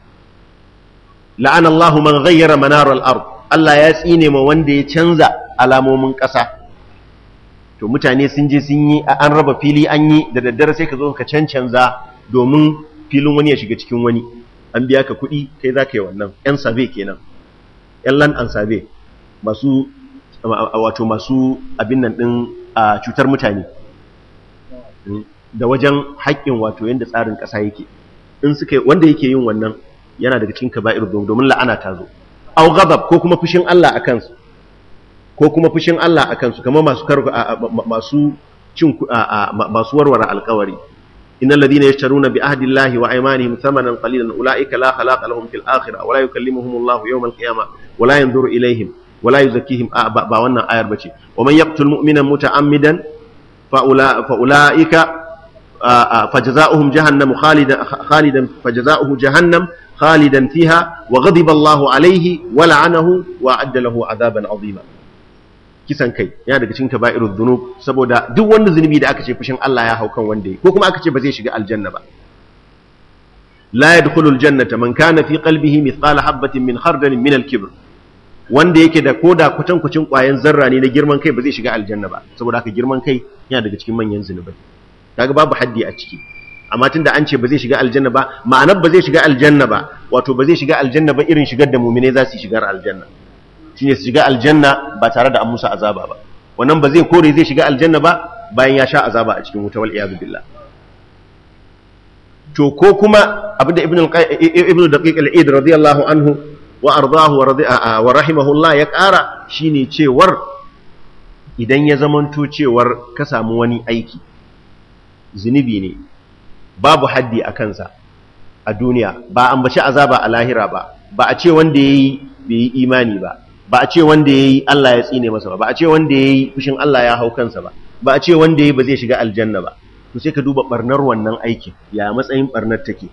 La'anallahu Allahu man ghayyara manar al-ard Allah ya tsine ma wanda ya canza alamomin ƙasa to mutane sun je sun yi an raba fili an yi da daddare sai ka zo ka cancanza domin filin wani ya shiga cikin wani an biya ka kuɗi kai za ka yi wannan yan sabe kenan yan lan an sabe masu wato masu abin nan ɗin a cutar mutane da wajen haƙƙin wato yadda tsarin ƙasa yake in suka wanda yake yin wannan yana daga cikin kaba'iru domin la'ana ta zo au ghadab ko kuma fushin Allah a kansu ko kuma fushin Allah a kansu kamar masu masu cin masu warware alƙawari innal ladina yashtaruna bi ahdi Allahi wa aymanihim thamanan qalilan ulaika la khalaqa lahum fil akhirah wa la yukallimuhum Allahu yawmal qiyamah wa la yanzuru ilayhim wa la yuzakkihim ba wannan ayar bace wa man yaqtul mu'mina muta'ammidan fa ulaika fajza'uhum jahannam khalidan khalidan fajza'uhu jahannam khalidan فيها wa الله عليه alaihi wa la'anahu wa عظيما azaban azima kisan kai yana daga cikin kaba'irud dhunub saboda duk wanda zunubi da aka ce fushin Allah ya hau kan wanda ko kuma aka ce ba zai shiga aljanna ba la yadkhulu jannata man kana fi qalbihi mithqala habatin min khardalin min alkibr wanda yake da koda kutan kucin kwayan zarra ne na girman kai ba zai shiga aljanna ba saboda haka girman kai yana daga cikin manyan zunubai kaga babu haddi a ciki amma da an ce ba zai shiga aljanna ba ma'anar ba zai shiga aljanna ba wato ba zai shiga aljanna ba irin shigar da mumine za su shigar aljanna ne su shiga aljanna ba tare da an musu azaba ba wannan ba zai kore zai shiga aljanna ba bayan ya sha azaba a cikin wuta wal iyad billah to ko kuma abinda ibn ibn daqiq al radiyallahu anhu wa ardahu wa rahimahullah ya kara shine cewar idan ya zamanto cewar ka samu wani aiki zunubi ne babu haddi a kansa a duniya ba an bashi azaba a lahira ba ba a ce wanda yayi bai yi imani ba ba a ce wanda ya yi Allah ya tsine masa ba ba a ce wanda ya yi fushin Allah ya hau kansa ba ba a ce wanda ya yi ba zai shiga aljanna ba to sai ka duba barnar wannan aikin ya matsayin barnar take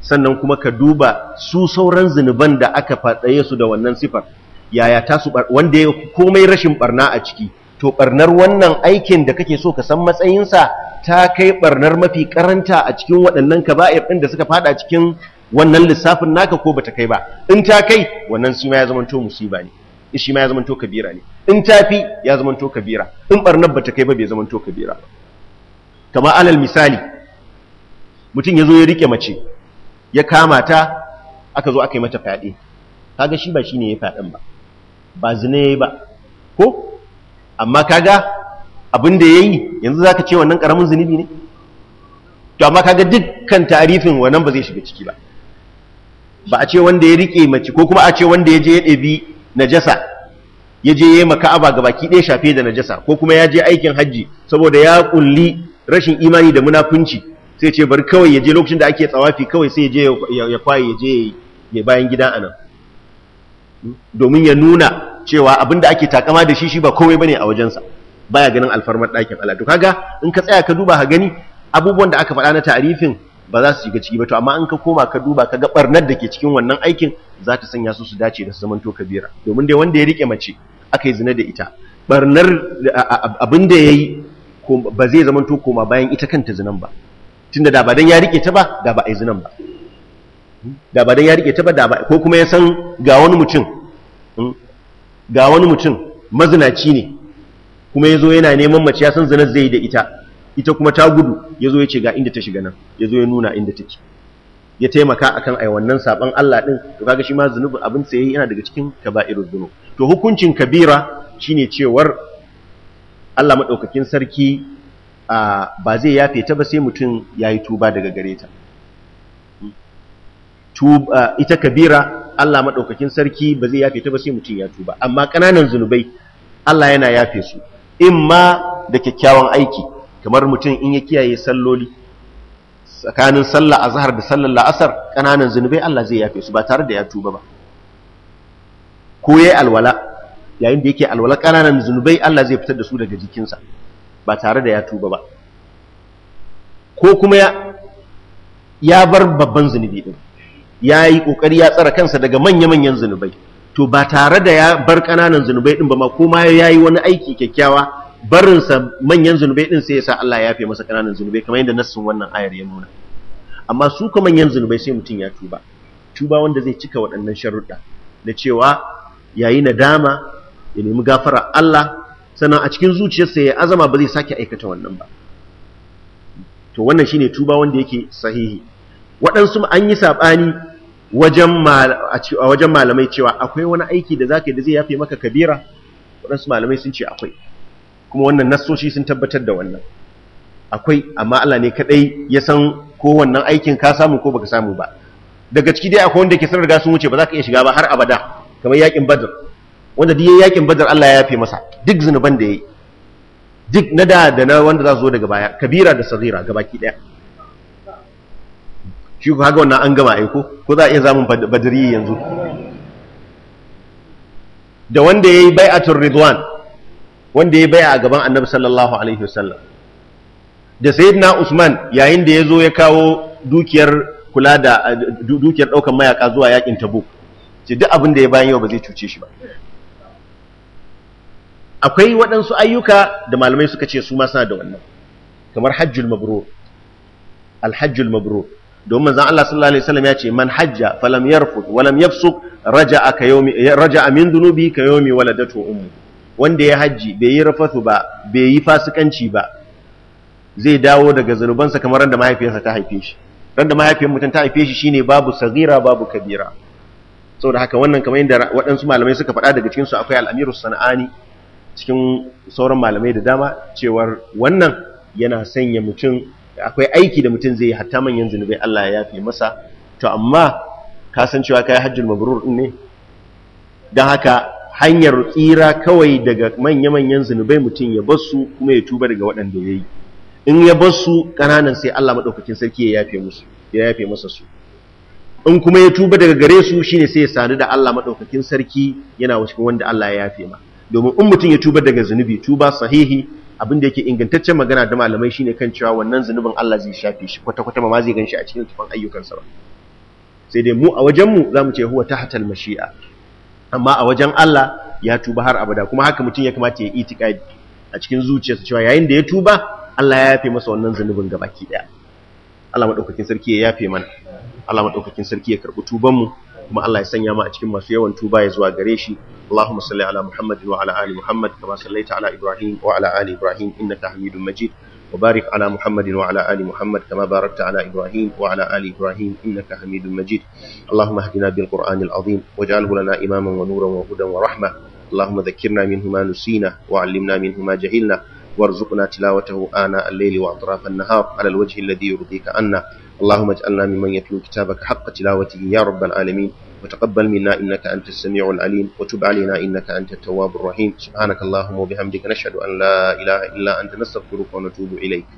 sannan kuma ka duba su sauran zunuban da aka faɗaye su da wannan sifar yaya tasu wanda ya komai rashin barna a ciki to barnar wannan aikin da kake so ka san matsayinsa ta kai barnar mafi karanta a cikin waɗannan kaba'ir ɗin da suka fada cikin wannan lissafin naka ko bata kai ba in ta kai wannan shi ma ya zamanto musiba ne shi ma ya zamanto kabira ne in ta fi ya zamanto kabira in barnar bata kai ba bai zamanto kabira kama alal misali mutum ya zo ya rike mace ya kama ta aka zo aka yi mata fyaɗe kaga shi ba shine ya faɗin ba ba zina ya yi ba ko amma kaga abin da yayi yanzu zaka ce wannan karamin zunubi ne to amma kaga dukkan tarifin wannan ba zai shiga ciki ba ba a ce wanda ya rike mace ko kuma a ce wanda ya je ya ɗabi najasa ya je ya maka aba ga baki ɗaya shafe da najasa ko kuma ya je aikin hajji saboda ya kulli rashin imani da munafunci sai ce bari kawai ya je lokacin da ake tsawafi kawai sai ya je ya kwaye ya je ya bayan gida anan hmm? domin ya nuna cewa abinda ake takama da shi shi ba komai bane a wajensa baya ganin alfarmar ɗakin Allah to kaga in ka tsaya ka duba ka gani abubuwan da aka faɗa na tarifin ba za su shiga ciki ba to amma in ka koma ka duba ka ga barnar da ke cikin wannan aikin za ta sanya su su dace da su to kabira domin dai wanda ya rike mace aka yi zina da ita barnar abin da ya yi ba zai to koma bayan ita kanta zinan ba tunda da ba dan ya rike ta ba da ba a yi zinan ba hmm? da ba dan ya rike ta ba da ba ko kuma ya san ga wani mutum hmm? ga wani mutum mazinaci ne kuma ya zo yana neman mace ya san zina zai da ita ita kuma ta gudu ya zo ya ce ga inda ta shiga nan ya zo ya nuna inda take ya taimaka akan ai wannan saban Allah ɗin, to kaga shi ma zunubin abin sai yana daga cikin kaba'irul dhunub to hukuncin kabira shine cewar Allah maɗaukakin sarki ba zai yafe ta ba sai mutum yayi tuba daga gare ta Ah, ita kabira Allah maɗaukakin sarki ba zai yafe ta ba sai mutum ya tuba amma ƙananan zunubai Allah yana yafe su in ma da kyakkyawan aiki kamar mutum in ya kiyaye salloli tsakanin sallah azhar da sallar la'asar ƙananan zunubai Allah zai yafe su ba tare da ya tuba ba ko yayi alwala yayin da yake alwala ƙananan zunubai Allah zai fitar da su daga jikinsa ba tare da ya tuba ba ko kuma ya bar babban zunubi din ya yi ƙoƙari ya tsara kansa daga manya-manyan zunubai to ba tare da ya bar ƙananan zunubai ɗin ba ma kuma ya yi wani aiki kyakkyawa barinsa manyan zunubai ɗin sai ya sa Allah ya fi masa ƙananan zunubai kamar yadda nassin wannan ayar ya nuna amma su ka manyan zunubai sai mutum ya tuba tuba wanda zai cika waɗannan sharuɗa da cewa yayi nadama ya nemi gafara Allah sannan a cikin zuciyarsa ya azama ba zai sake aikata wannan ba to wannan shine tuba wanda yake sahihi waɗansu an yi saɓani wajen malamai cewa akwai wani aiki da za ka yi da zai yafe maka kabira waɗansu malamai sun ce akwai kuma wannan nassoshi sun tabbatar da wannan akwai amma Allah ne kaɗai ya san ko wannan aikin ka samu ko baka samu ba daga ciki dai akwai wanda ke sanar da sun wuce ba za ka iya shiga ba har abada kamar yakin badar wanda duk yakin badar Allah ya yafe masa duk zunuban da yayi duk na da na wanda za su zo daga baya kabira da sagira gabaki daya shi ku haga wannan an gama aiko ko za a iya zamun badiri yanzu da wanda ya yi a ridwan wanda ya yi bai'a a gaban annabi sallallahu alaihi wasallam da sayyidina usman yayin da ya zo ya kawo dukiyar kula da dukiyar ɗaukar mayaka zuwa yakin tabuk ce duk abin da ya bayan yau ba zai cuce shi ba akwai waɗansu ayyuka da malamai suka ce su ma suna da wannan kamar hajjul mabrur alhajjul mabrur Domin zan Allah sallallahu alaihi wasallam ya ce man hajja falam yarfut walam yafsuk raja'a ka yawmi raja'a min dunubi ka yawmi waladatu ummu wanda ya hajji bai yi rafatu ba bai yi fasikanci ba zai dawo daga zanubansa kamar randa mahaifiyarsa ta haife shi randa mahaifiyar mutum ta haife shi shine babu sagira babu kabira saboda haka wannan kamar yadda waɗansu malamai suka faɗa daga cikinsu akwai al'amiru sana'ani cikin sauran malamai da dama cewar wannan yana sanya mutum akwai aiki da mutum zai yi hatta manyan zunubai Allah ya yafe masa to amma ka san cewa kai hajjul mabrur din ne dan haka hanyar tsira kawai daga manya-manyan zunubai mutum ya bar su kuma ya tuba daga waɗanda ya yi in ya bar su ƙananan sai Allah maɗaukakin sarki ya yafe ya yafe masa su in kuma ya tuba daga gare su shine sai ya sadu da Allah maɗaukakin sarki yana cikin wanda Allah ya yafe ma domin in mutum ya tuba daga zunubi tuba sahihi abin da yake ingantaccen magana da malamai shine kan cewa wannan zunubin Allah zai shafe shi kwata kwata ma zai ganshi a cikin tufan ayyukansa ba sai dai mu a wajen mu zamu ce huwa tahatal mashi'a amma a wajen Allah ya tuba har abada kuma haka mutum ya kamata ya yi itiqadi a cikin zuciyarsa cewa yayin da ya tuba Allah ya yafe masa wannan zunubin gabaki daya Allah madaukakin sarki ya yafe mana Allah madaukakin sarki ya karbi tubanmu. mu kuma Allah ya sanya mu a cikin masu yawan tuba ya zuwa gare shi Allahumma salli ala Muhammad wa ala ali Muhammad kama sallaita ala Ibrahim wa ala ali Ibrahim innaka Hamidum Majid wa barik ala Muhammad wa ala ali Muhammad kama barakta ala Ibrahim wa ala ali Ibrahim innaka Hamidum Majid Allahumma hadina bil Qur'anil azim waj'alhu lana imaman wa nuran wa hudan wa rahma Allahumma dhakkirna minhu ma nusina wa 'allimna minhu ma jahilna وارزقنا تلاوته آناء الليل وأطراف النهار على ya الذي يرضيك anna اللهم اجعلنا ممن يتلو كتابك حق تلاوته يا رب العالمين وتقبل منا إنك أنت السميع العليم وتب علينا إنك أنت التواب الرحيم سبحانك اللهم وبحمدك نشهد أن لا إله إلا أنت نستغفرك ونتوب إليك